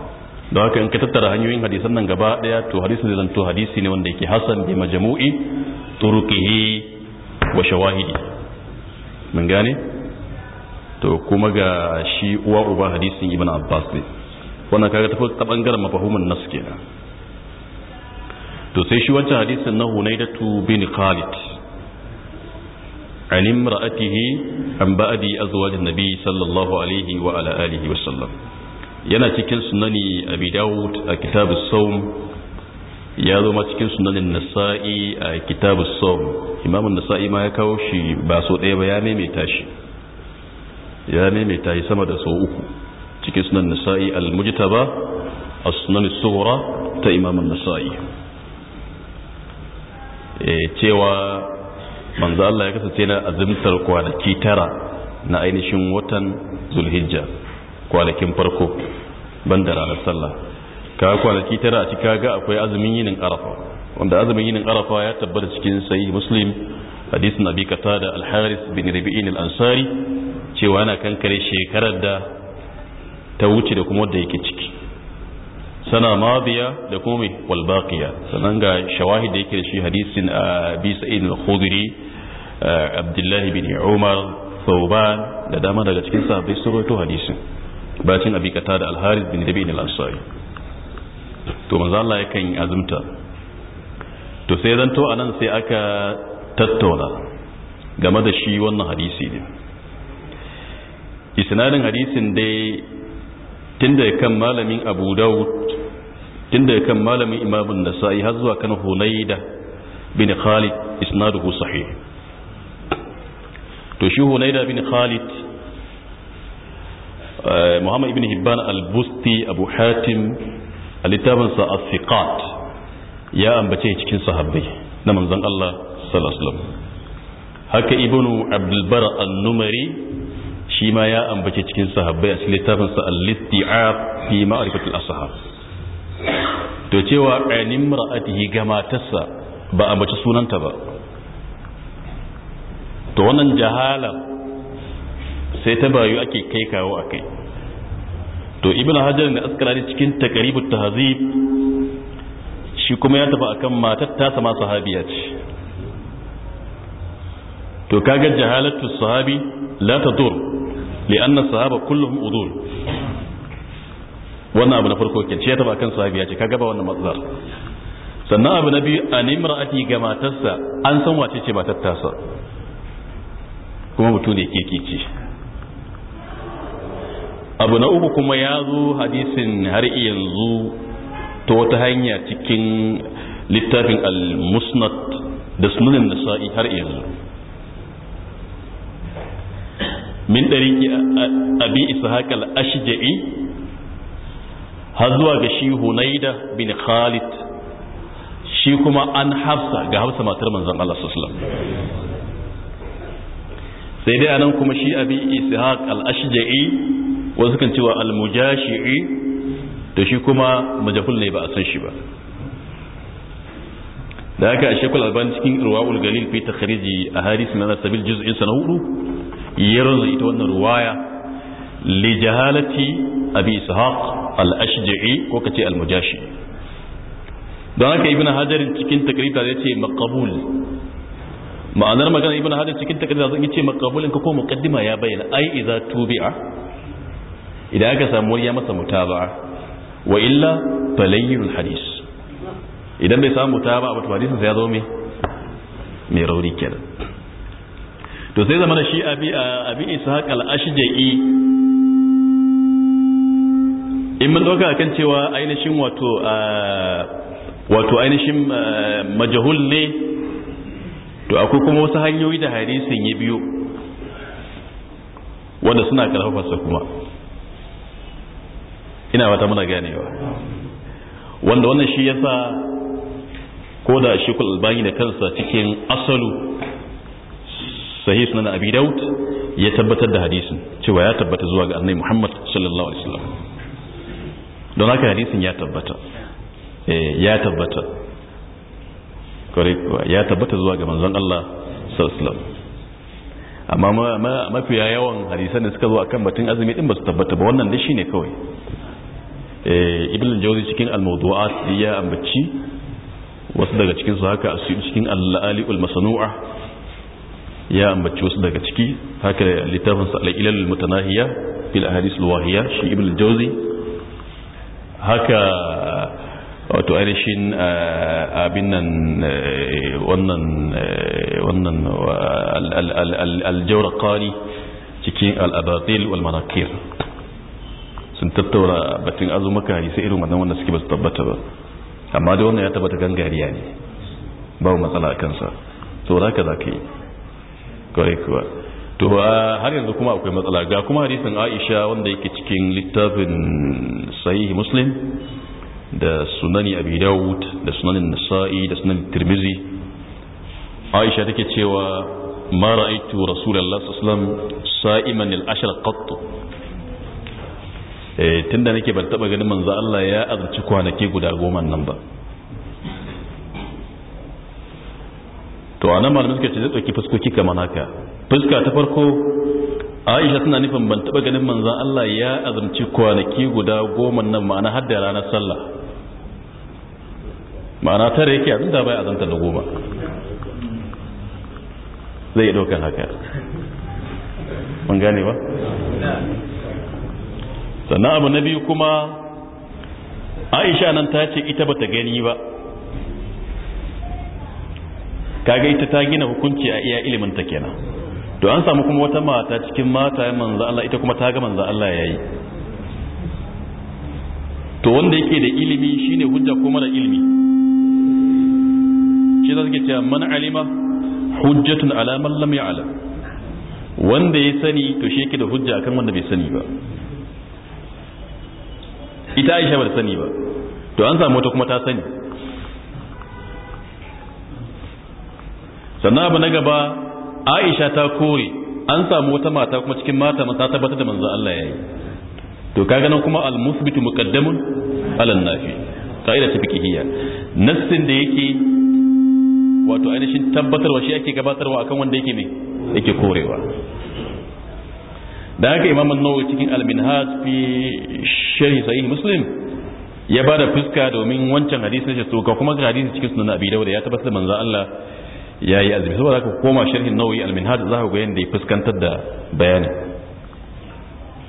don haka in ka tattara hanyoyin hadisan nan gaba daya to hadisin da zanto hadisi ne wanda yake hasan bi majmu'i turuqihi wa shawahidi mun gane to kuma ga shi uwa uba hadisin ibn abbas ne wannan kaga ta ta bangaren mafahimin nas kenan to sai shi wancan hadisin na hunaidatu bin khalid an imra'atihi an ba'di azwajin nabi sallallahu alaihi wa ala alihi wa sallam yana cikin sunani a bidawut a kitabu saum ya zo cikin sunanin nasa'i a kitabu saum imamun nasa'i ma ya kawo shi ba so ɗaya ba ya maimaita shi ya maimaita shi sama da sau uku cikin sunan nasa'i al ba a sunan tsohora ta imamun nasa'i eh, cewa manzo Allah ya kasance na azimtar kwanaki tara na ainihin watan zulhijja kwanakin farko ban da ranar sallah ka kwanaki tara a cika ga akwai azumin yinin arafa wanda azumin yinin arafa ya tabbata cikin sayi muslim hadisin abi kata da alharis bin rabi'in al-ansari cewa yana kankare shekarar da ta wuce da kuma wadda yake ciki sana mabiya da kuma mai walbaqiya sannan ga shawahid da yake da shi hadisin abi sa'id al-khudri abdullahi bin umar thawban da dama daga cikin sahabbai sun rawaito hadisin bacin abi kata da alharis bin rabi al-ansari to manzo Allah yakan azumta to sai zanto anan sai aka tattauna game da shi wannan hadisi ne isnadin hadisin dai tunda kan malamin Abu daud tunda kan malamin Imam Nasa'i har zuwa kan Hunayda bin Khalid isnaduhu sahih to shi Hunayda bin Khalid Eh, muhammad ibn hibban al-busti abu hatim a littafinsa as-siqat ya ambace cikin sahabbai na manzon Allah sallallahu haka ibnu abdul bar an-numari shi ma ya ambace cikin sahabbai a littafinsa al-isti'ab fi ma'rifat al-ashab to cewa ainin mar'atihi ga matarsa ba ambace sunanta ba to wannan jahalar sai ta bayu ake kai kawo a kai to ibn hajar da askalari cikin takaribut tahzib shi kuma ya tafi akan matar ta sama sahabiya ce to kaga jahalatu sahabi la tadur li'anna sahaba kulluhum udul wannan abu na farko ke ce ya tafi akan sahabiya ce kaga ba wannan matsalar sannan abu na biyu a nimra'ati ga matarsa an san wace ce matar tasa kuma mutum ne kirki ce abu na uku kuma ya zo hadisin har yanzu ta wata hanya cikin littafin al-musnad da sunanin nasa'i har yanzu min ɗari abi ishaq al-ashja'i har zuwa ga shi hunaida bin khalid shi kuma an hafsa ga hafsa matar manzon Allah sallallahu alaihi sai dai anan kuma shi abi ishaq al-ashja'i wasu kan cewa almujashi'i da shi kuma majahul ne ba a san shi ba da haka a shekul alban cikin ruwa'ul galil fi takhriji a hadisi na sabil juz'in sa na hudu ya ranzu ita wannan ruwaya li jahalati abi ishaq al-ashja'i ko kace al-mujashi don haka ibn hajar cikin takrita ya ce maqbul ma'anar magana ibn hajar cikin takrita yi ce maqbulin ko muqaddima ya bayyana ai idza tubi'a idan aka samu wani ya masa ba wa illa falayyul hadis idan bai samu muta ba to hadisin sai ya zo me mai rauni kenan to sai zama da shi abi abi ishaq al-ashja'i in mun dauka kan cewa ainihin wato ah, wato ainihin ah, majahul ne to akwai kuma wasu hanyoyi da hadisin ya biyo wanda suna karfafa kuma ina wata muna ganewa wanda wannan shi yasa ko da shi albani da kansa cikin asalu sahih sunan abi daud ya tabbatar da hadisin cewa ya tabbata zuwa ga annabi muhammad sallallahu alaihi wasallam don haka hadisin ya tabbata eh, ya tabbata ya tabbata zuwa ga manzon Allah sallallahu alaihi wasallam amma mafiya yawan hadisan da suka zo akan batun azumi din ba su tabbata ba wannan da shine kawai Eh, ibn al-jawzi cikin al-mawdu'at ya ambaci wasu daga cikin su haka cikin al-ali al-masnu'a ya ambaci wasu daga ciki haka littafin sa al-ilal al-mutanahiya fil ahadith al-wahiya shi ibn al-jawzi haka wato ainihin eh, abin nan eh, wannan wannan al-jawraqani cikin al-abatil wal manakir sun tattaura batun azumaka sai irin wannan wanda suke ba su tabbata ba amma da wannan ya tabbata gangariya ne ba matsala a kansa to za ka za ka yi kawai kuwa to har yanzu kuma akwai matsala ga kuma hadisin aisha wanda yake cikin littafin sahihi muslim da sunani abi dawud da sunanin nasa'i da sunanin tirmizi aisha take cewa ma ra'aitu rasulullahi sallallahu alaihi wasallam sa'iman al-ashr qattu Eh, tunda nake ban taba ganin manzo Allah ya azumci kwanaki guda goma nan ba to anan malamin suka ce zai ki fuskoki kamar haka fuska ta farko Aisha tana nufin ban taba ganin manzo Allah ya azumci kwanaki guda goma nan ma'ana har da ranar sallah ma'ana tare yake azumta bai azanta da goma zai daukan haka mun gane ba sannan abu na biyu kuma aisha nan ta ce ita bata gani ba kaga ita ta gina hukunci a iya ilimin ta kenan to an samu kuma wata mata cikin mata manzo Allah ita kuma ta ga manzo Allah ya yi. to wanda yake da ilimi shine hujja kuma da ilimi shi zai ce man alima hujjatun ala man lam ya'lam wanda ya sani to shi yake da hujja akan wanda bai sani ba ita aisha ba ta sani ba to an samu wata kuma ta sani sannan abu na gaba aisha ta kore an samu wata mata kuma cikin mata ta tabbatar da manzo Allah yayi to kaga nan kuma al-musbitu muqaddamun ala nafi kaida ta fikihiyya nassin da yake wato ainihin tabbatarwa shi ake gabatarwa akan wanda yake ne yake korewa da haka imam an-nawawi cikin al-minhaj fi sharh sahih muslim ya ba da fuska domin wancan hadisi na shi ka kuma ga hadisi cikin sunan abi dawud ya tabbatar manzo Allah ya yi azumi saboda haka koma sharhin nawawi al-minhaj za ka ga yanda ya fuskantar da bayani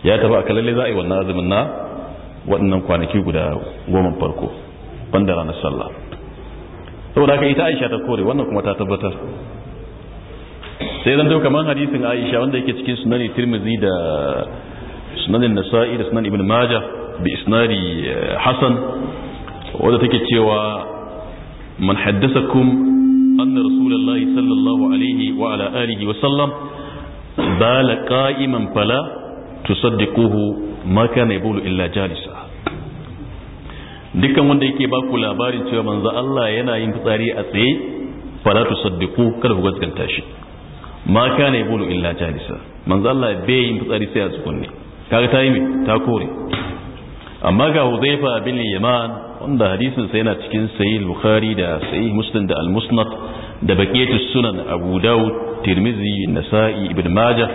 ya tafi akan lalle za a yi wannan azumin na waɗannan kwanaki guda goma farko banda ranar sallah saboda haka ita aisha ta kore wannan kuma ta tabbatar sai zan kamar hadisin aisha wanda yake cikin sunanin tirmizi da sunanin nasa'i da sunan ibn majah bi isnari eh, hasan wadda take cewa man haddasakum anna rasulullahi sallallahu alaihi wa ala alihi wa sallam bala qa'iman fala tusaddiquhu ma kana yaqulu illa jalisa dukkan wanda yake ba ku labarin cewa manzo Allah yana yin fitsari a tsaye fala tusaddiqu kada ku gaskanta shi ma kana yaqulu illa jalisa manzo Allah bai yin fitsari sai a tsukunne kaga ta yi me ta kore amma ga Hudhaifa bin Yaman wanda hadisin sa yana cikin sahih Bukhari da sahih Muslim da Al-Musnad da baqiyatu sunan Abu Dawud Tirmidhi Nasa'i Ibn Majah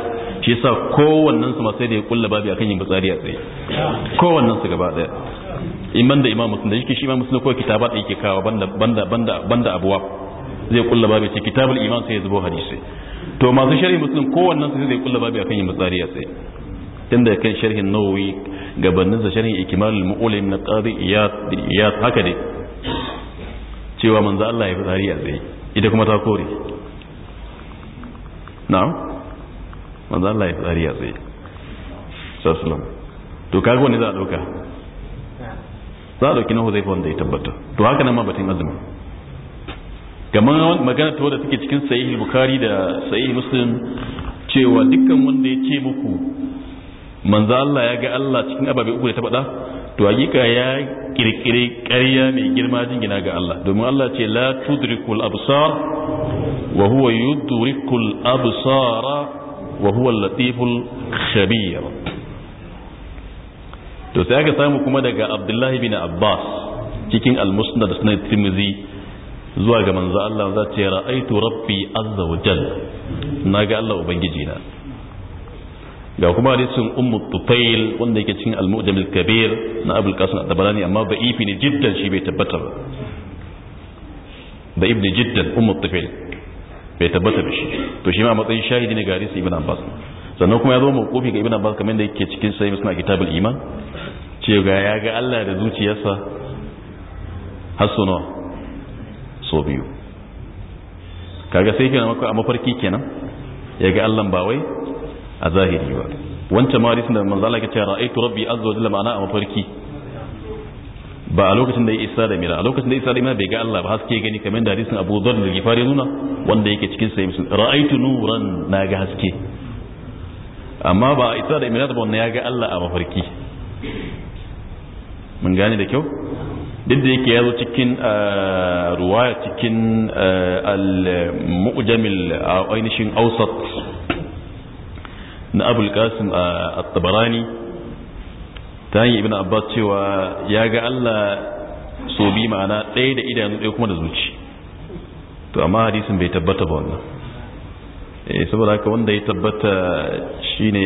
shi yasa kowannen su ma sai da ya kulla babu akan yin fitsari a tsaye kowannen su gaba daya iman da imam muslim da yake shi imam muslim ko kitaba da yake kawo banda banda banda banda abuwa zai kulla babu ce kitabul iman sai ya zubo hadisi to masu sharhi muslim kowannen su zai kulla babu akan yi mutsari a tsaye tun kan sharhin nawawi gabanin sa sharhin ikimalul mu'ulim na qadi iyas haka dai cewa manzo Allah ya fitsari a tsaye ita kuma ta kore na'am manzo Allah ya fitsari a tsaye sallallahu to kaga wani za a dauka za a dauki na huzaifa wanda ya tabbata to haka nan ma batun azumi kamar magana ta wadda take cikin sahih bukhari da sahih muslim cewa dukkan wanda ya ce muku manzo Allah ya ga Allah cikin ababe uku da ta faɗa to hakika ya kirkire ƙarya mai girma jingina ga Allah domin Allah ce la tudrikul absar wa huwa yudrikul absara wa huwa latiful khabir to sai aka samu kuma daga Abdullahi bin Abbas cikin al-Musnad da Sunan Tirmidhi zuwa ga manzo Allah za ta ra'aitu rabbi azza wa jal na ga Allah ubangiji na ga kuma hadisin ummu tufail wanda yake cikin al-mu'jam al-kabir na abul qasim at-tabarani amma da'ifi ne jiddan shi bai tabbata ba da ibn jiddan ummu tufail bai tabbata ba shi to shi ma matsayin shahidi ne ga hadisin ibn abbas sannan kuma ya zo mawqufi ga ibn abbas kamar da yake cikin sahih muslim kitabul iman Cewa ya ga Allah da zuciyarsa har so biyu kaga sai kenan a mafarki kenan ya ga allan ba wai a zahiri ba wancan ma hadisin da manzo Allah ya ce ra'aytu rabbi azza wa jalla ma'ana a mafarki ba a lokacin da ya isa da mira a lokacin da ya isa da mira bai ga Allah ba haske gani kamar da hadisin Abu Dharr da Gifari nuna wanda yake cikin sa yimsu ra'aytu nuran na ga haske amma ba a isa da mira ba wanda ya ga Allah a mafarki mun gane da kyau duk da yake yazo cikin eh, ruwaya cikin eh, al-mu'jamil ainihin ausat na abul qasim eh, at-tabarani ta hanyar ibn abbas cewa ya ga allah so bi ma'ana ɗaya da idanu ɗaya kuma da zuci to amma hadisin bai tabbata ba wannan saboda haka wanda ya tabbata shine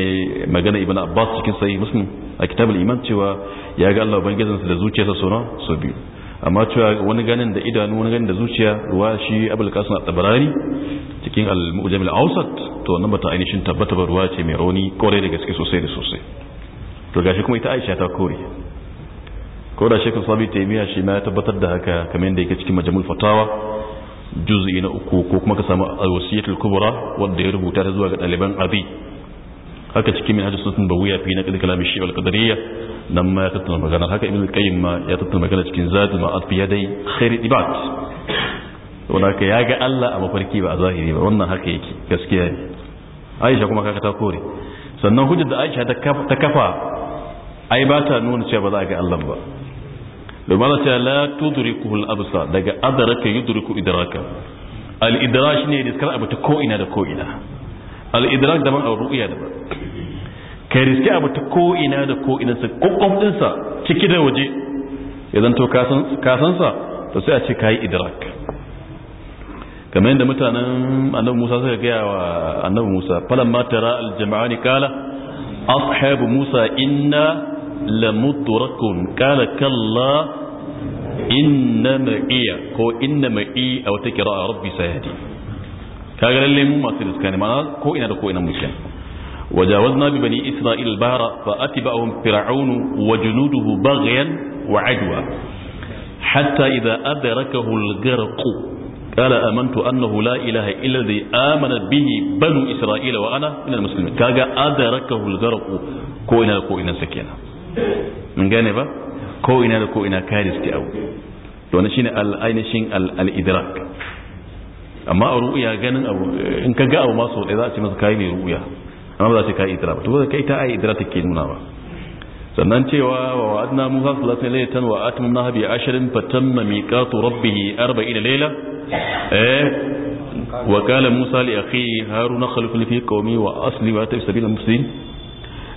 magana ibn abbas cikin sahih muslim a kitabul iman cewa ya ga Allah ubangijinsa da zuciyarsa sono so biyu amma cewa wani ganin da idanu wani ganin da zuciya ruwa shi abul kasim at-tabarani cikin al-mu'jam al-awsat to nan bata ainihin tabbata ba ruwa ce mai rauni kore da gaske sosai da sosai to gashi kuma ita Aisha ta kore ko da shekul sabi miya shi ma ya tabbatar da haka kamar yadda yake cikin majamul fatawa juz'i na uku ko kuma ka samu al-wasiyatul kubra wanda ya rubuta ta zuwa ga ɗaliban abi haka cikin min hajjus sunan bawiya fi naqd kalam shi wal qadariyya nan ma ya tattauna magana haka ibnu qayyim ma ya tattauna magana cikin zadul ma'ad fi yadai khair ibad wanda haka ya ga Allah a mafarki ba a zahiri ba wannan haka yake gaskiya ne Aisha kuma kaka ta kore sannan hujjar da Aisha ta kafa ai ba ta nuna cewa ba za a ga Allah ba domin Allah ta la tudrikuhu al-absar daga adraka yudriku idraka al-idrash ne da abu ta ko ina da ko ina al-idrak daban a ru'ya daban ka riske abu ta ko ina da ko ina sa kokkom dinsa ciki da waje ya zanto ka san sa to sai a ce kai idrak kamar yadda mutanen annabi Musa suka gaya wa annabi Musa falamma tara al-jama'ani kala ashabu Musa inna lamudrakun kala kalla inna ma'iya ko inna ma'i a wata kira'a rabbi sayadi kaga lalle mu masu riska ne ko ina da ko ina muke وجاوزنا ببني إسرائيل البحر فأتبعهم فرعون وجنوده بغيا وعدوى حتى إذا أدركه الغرق قال آمنت أنه لا إله إلا الذي آمنت به بنو إسرائيل وأنا من المسلمين كاجا أدركه الغرق كوينا كوينا سكينة من جانبه كوينا كوينا كارثة أو to shine ainihin al-idrak amma a ru'uya ganin abu in ka ga abu masu ɗaya za a ce masa kayi ne ru'uya amma ba za ta kai idra ba to kai ta ai idra take nuna ba sannan cewa wa wa'adna musa salatu laylatan wa atmamna bi ashrin fatamma miqatu rabbih 40 layla eh wa qala musa li akhi haruna khalifni fi qawmi wa asli wa tabi sabila muslimin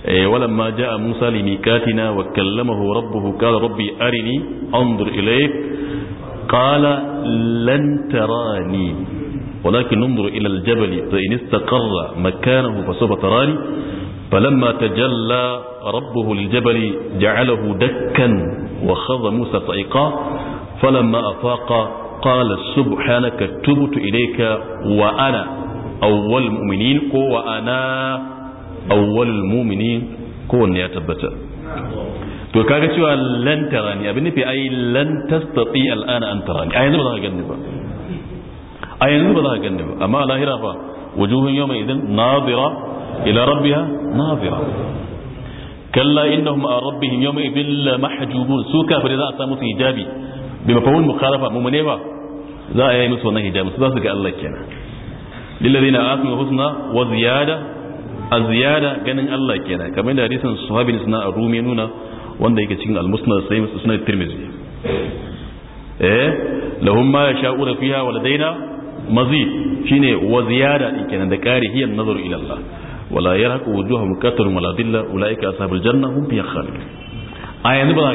ولما جاء موسى لميقاتنا وكلمه ربه قال ربي أرني أنظر إليك قال لن تراني ولكن انظر إلى الجبل فإن استقر مكانه فسوف تراني فلما تجلى ربه للجبل جعله دكا وخذ موسى صعيقا فلما أفاق قال سبحانك تبت إليك وأنا أول المؤمنين وأنا أول المؤمنين كون يا تبتا to لن تراني أبني في أي لن تستطيع الآن أن تراني أي tarani ai a yanzu ba za ka ganni ba amma lahira fa wujuhun yawma idan na zira ila rabbiha nadira kalla innahum an rabbihim yawma idan la mahjubun su kafire za a samu su hijabi bi mafahum mukhalafa ne ba za a yi musu wannan hijabi su za su ga Allah kenan lilladheena asmu husna wa ziyada a ziyada ganin Allah kenan kamar da hadisin sahabin suna a rumi nuna wanda yake cikin al-musnad sai musu sunan tirmidhi eh lahum ma yasha'una fiha wa mazi shine wa ziyada din kenan da kare hiyan nazaru ila Allah wala wala ulaika ashabul janna hum fiha ba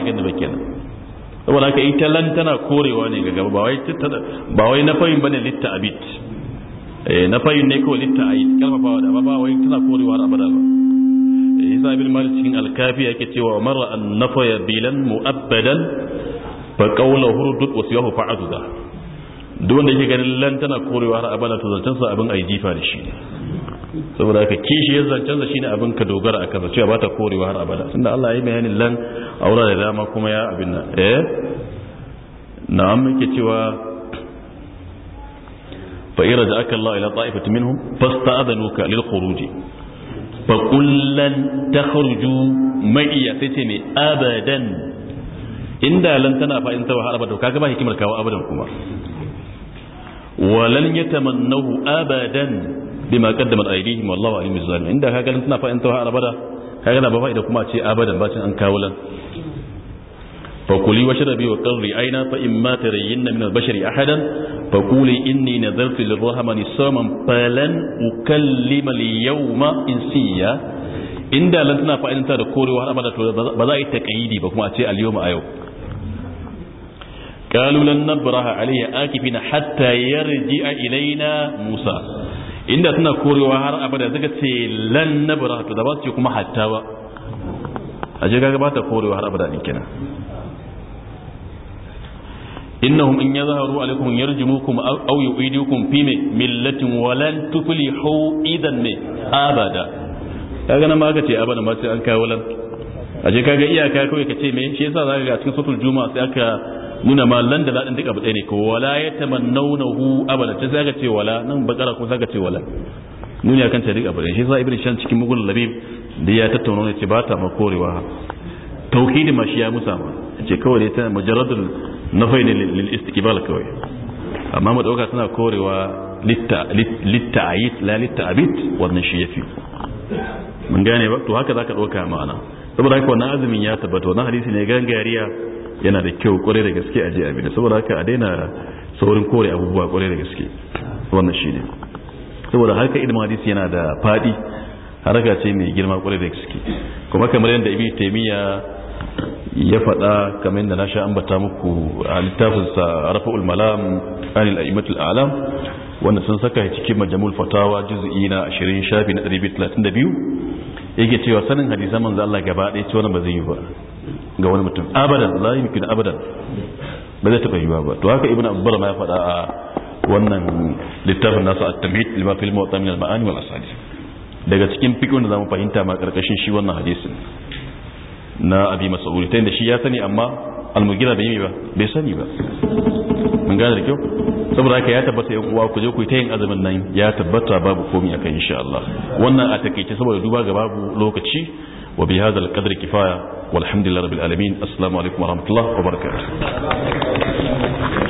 saboda ita lan tana korewa ne ga gaba ba wai ba wai na fayin bane litta abit eh na fayin ne ko litta da ba wai tana korewa da abada ba isa malik cikin alkafi yake cewa mara an nafaya bilan mu'abbadan fa qawla hurdud wa siyahu fa'aduda duk wanda yake ganin lan tana korewa har abada to zancen sa abin ai jifa da shi saboda haka kishi ya zancen sa shine abin ka dogara a kansa cewa ba ta korewa har abada tunda Allah ya yi bayanin lan aura da dama kuma ya abin nan eh na'am muke cewa fa in raja'aka Allah ila ta'ifati minhum fasta'adhanuka lil khuruj fa qul lan takhruju ma'iya sai ce ne abadan inda lan tana fa in ta har abada kaga ba hikimar kawo abadan kuma walan yatamannahu abadan bima qaddamat aydihim wallahu alim bizalim inda kaga nan tana fa'in tawa arabada kaga na ba fa'ida kuma a ce abadan bacin an واشربي وقري عينا فإما ترين من البشر أحدا فقولي إني نذرت للرحمن صوما فلن أكلم اليوم إنسيا إن لن تنا فإن كوري وأنا بدأت بذائي تكييدي بكما أتي اليوم أيو qalu lan nabraha alayhi akifina hatta yarji'a ilaina musa inda suna korewa har abada suka ce lan nabraha to da ba su ce kuma hatta ba a je kaga ba korewa har abada din kenan innahum in yazharu alaykum yarjumukum aw yu'idukum fi millatin wa lan tuflihu idan me abada kaga nan ma ce abada ma an kaga iyaka kawai shi cikin sai aka nuna ma lan da ladin duk abu ɗaya ne ko wala ya tamannawnahu abada ta zaga ce wala nan bakara ko zaga ce wala nuna kan ta duk abu ɗaya shi sa ibnu shan cikin mugun labib da ya tattauna ne ce ba ta makorewa tauhidi ma shi ya musa ma ce kawai ne ta mujarradul nafai ne lil istiqbal kawai amma mu dauka suna korewa ayit la litta'abit wannan shi yafi mun gane ba to haka zaka dauka ma'ana saboda haka wannan azumin ya tabbata wannan hadisi ne gangariya yana da kyau kwarai da gaske a je a saboda haka a daina saurin kore abubuwa kwarai da gaske wannan shi ne saboda harka ilimin hadisi yana da faɗi haraka ce mai girma kwarai da gaske kuma kamar yadda ibi taimiyya ya faɗa kamar yadda na sha ambata muku a littafinsa rafa'ul malam anil aimatul alam wanda sun saka cikin majamul fatawa juz'i na 20 shafi na 232 yake cewa sanin hadisan manzo Allah gaba ɗaya ce wannan ba zai yi ba ga wani mutum abadan la yumkin abadan ba zai taba yiwa ba to haka ibnu abbar ma ya faɗa a wannan littafin nasu at-tamhid lima fil wa min al-ma'ani wal asadis daga cikin fiqhin da zamu fahimta ma karkashin shi wannan hadisin na abi mas'ud ta inda shi ya sani amma al-mugira bai yi ba bai sani ba mun gane da kyau saboda haka ya tabbata yan uwa ku je ku ta yin azumin nan ya tabbata babu komai akan insha Allah wannan a takeice saboda duba ga babu lokaci wa bi hadha al-qadri kifaya والحمد لله رب العالمين السلام عليكم ورحمة الله وبركاته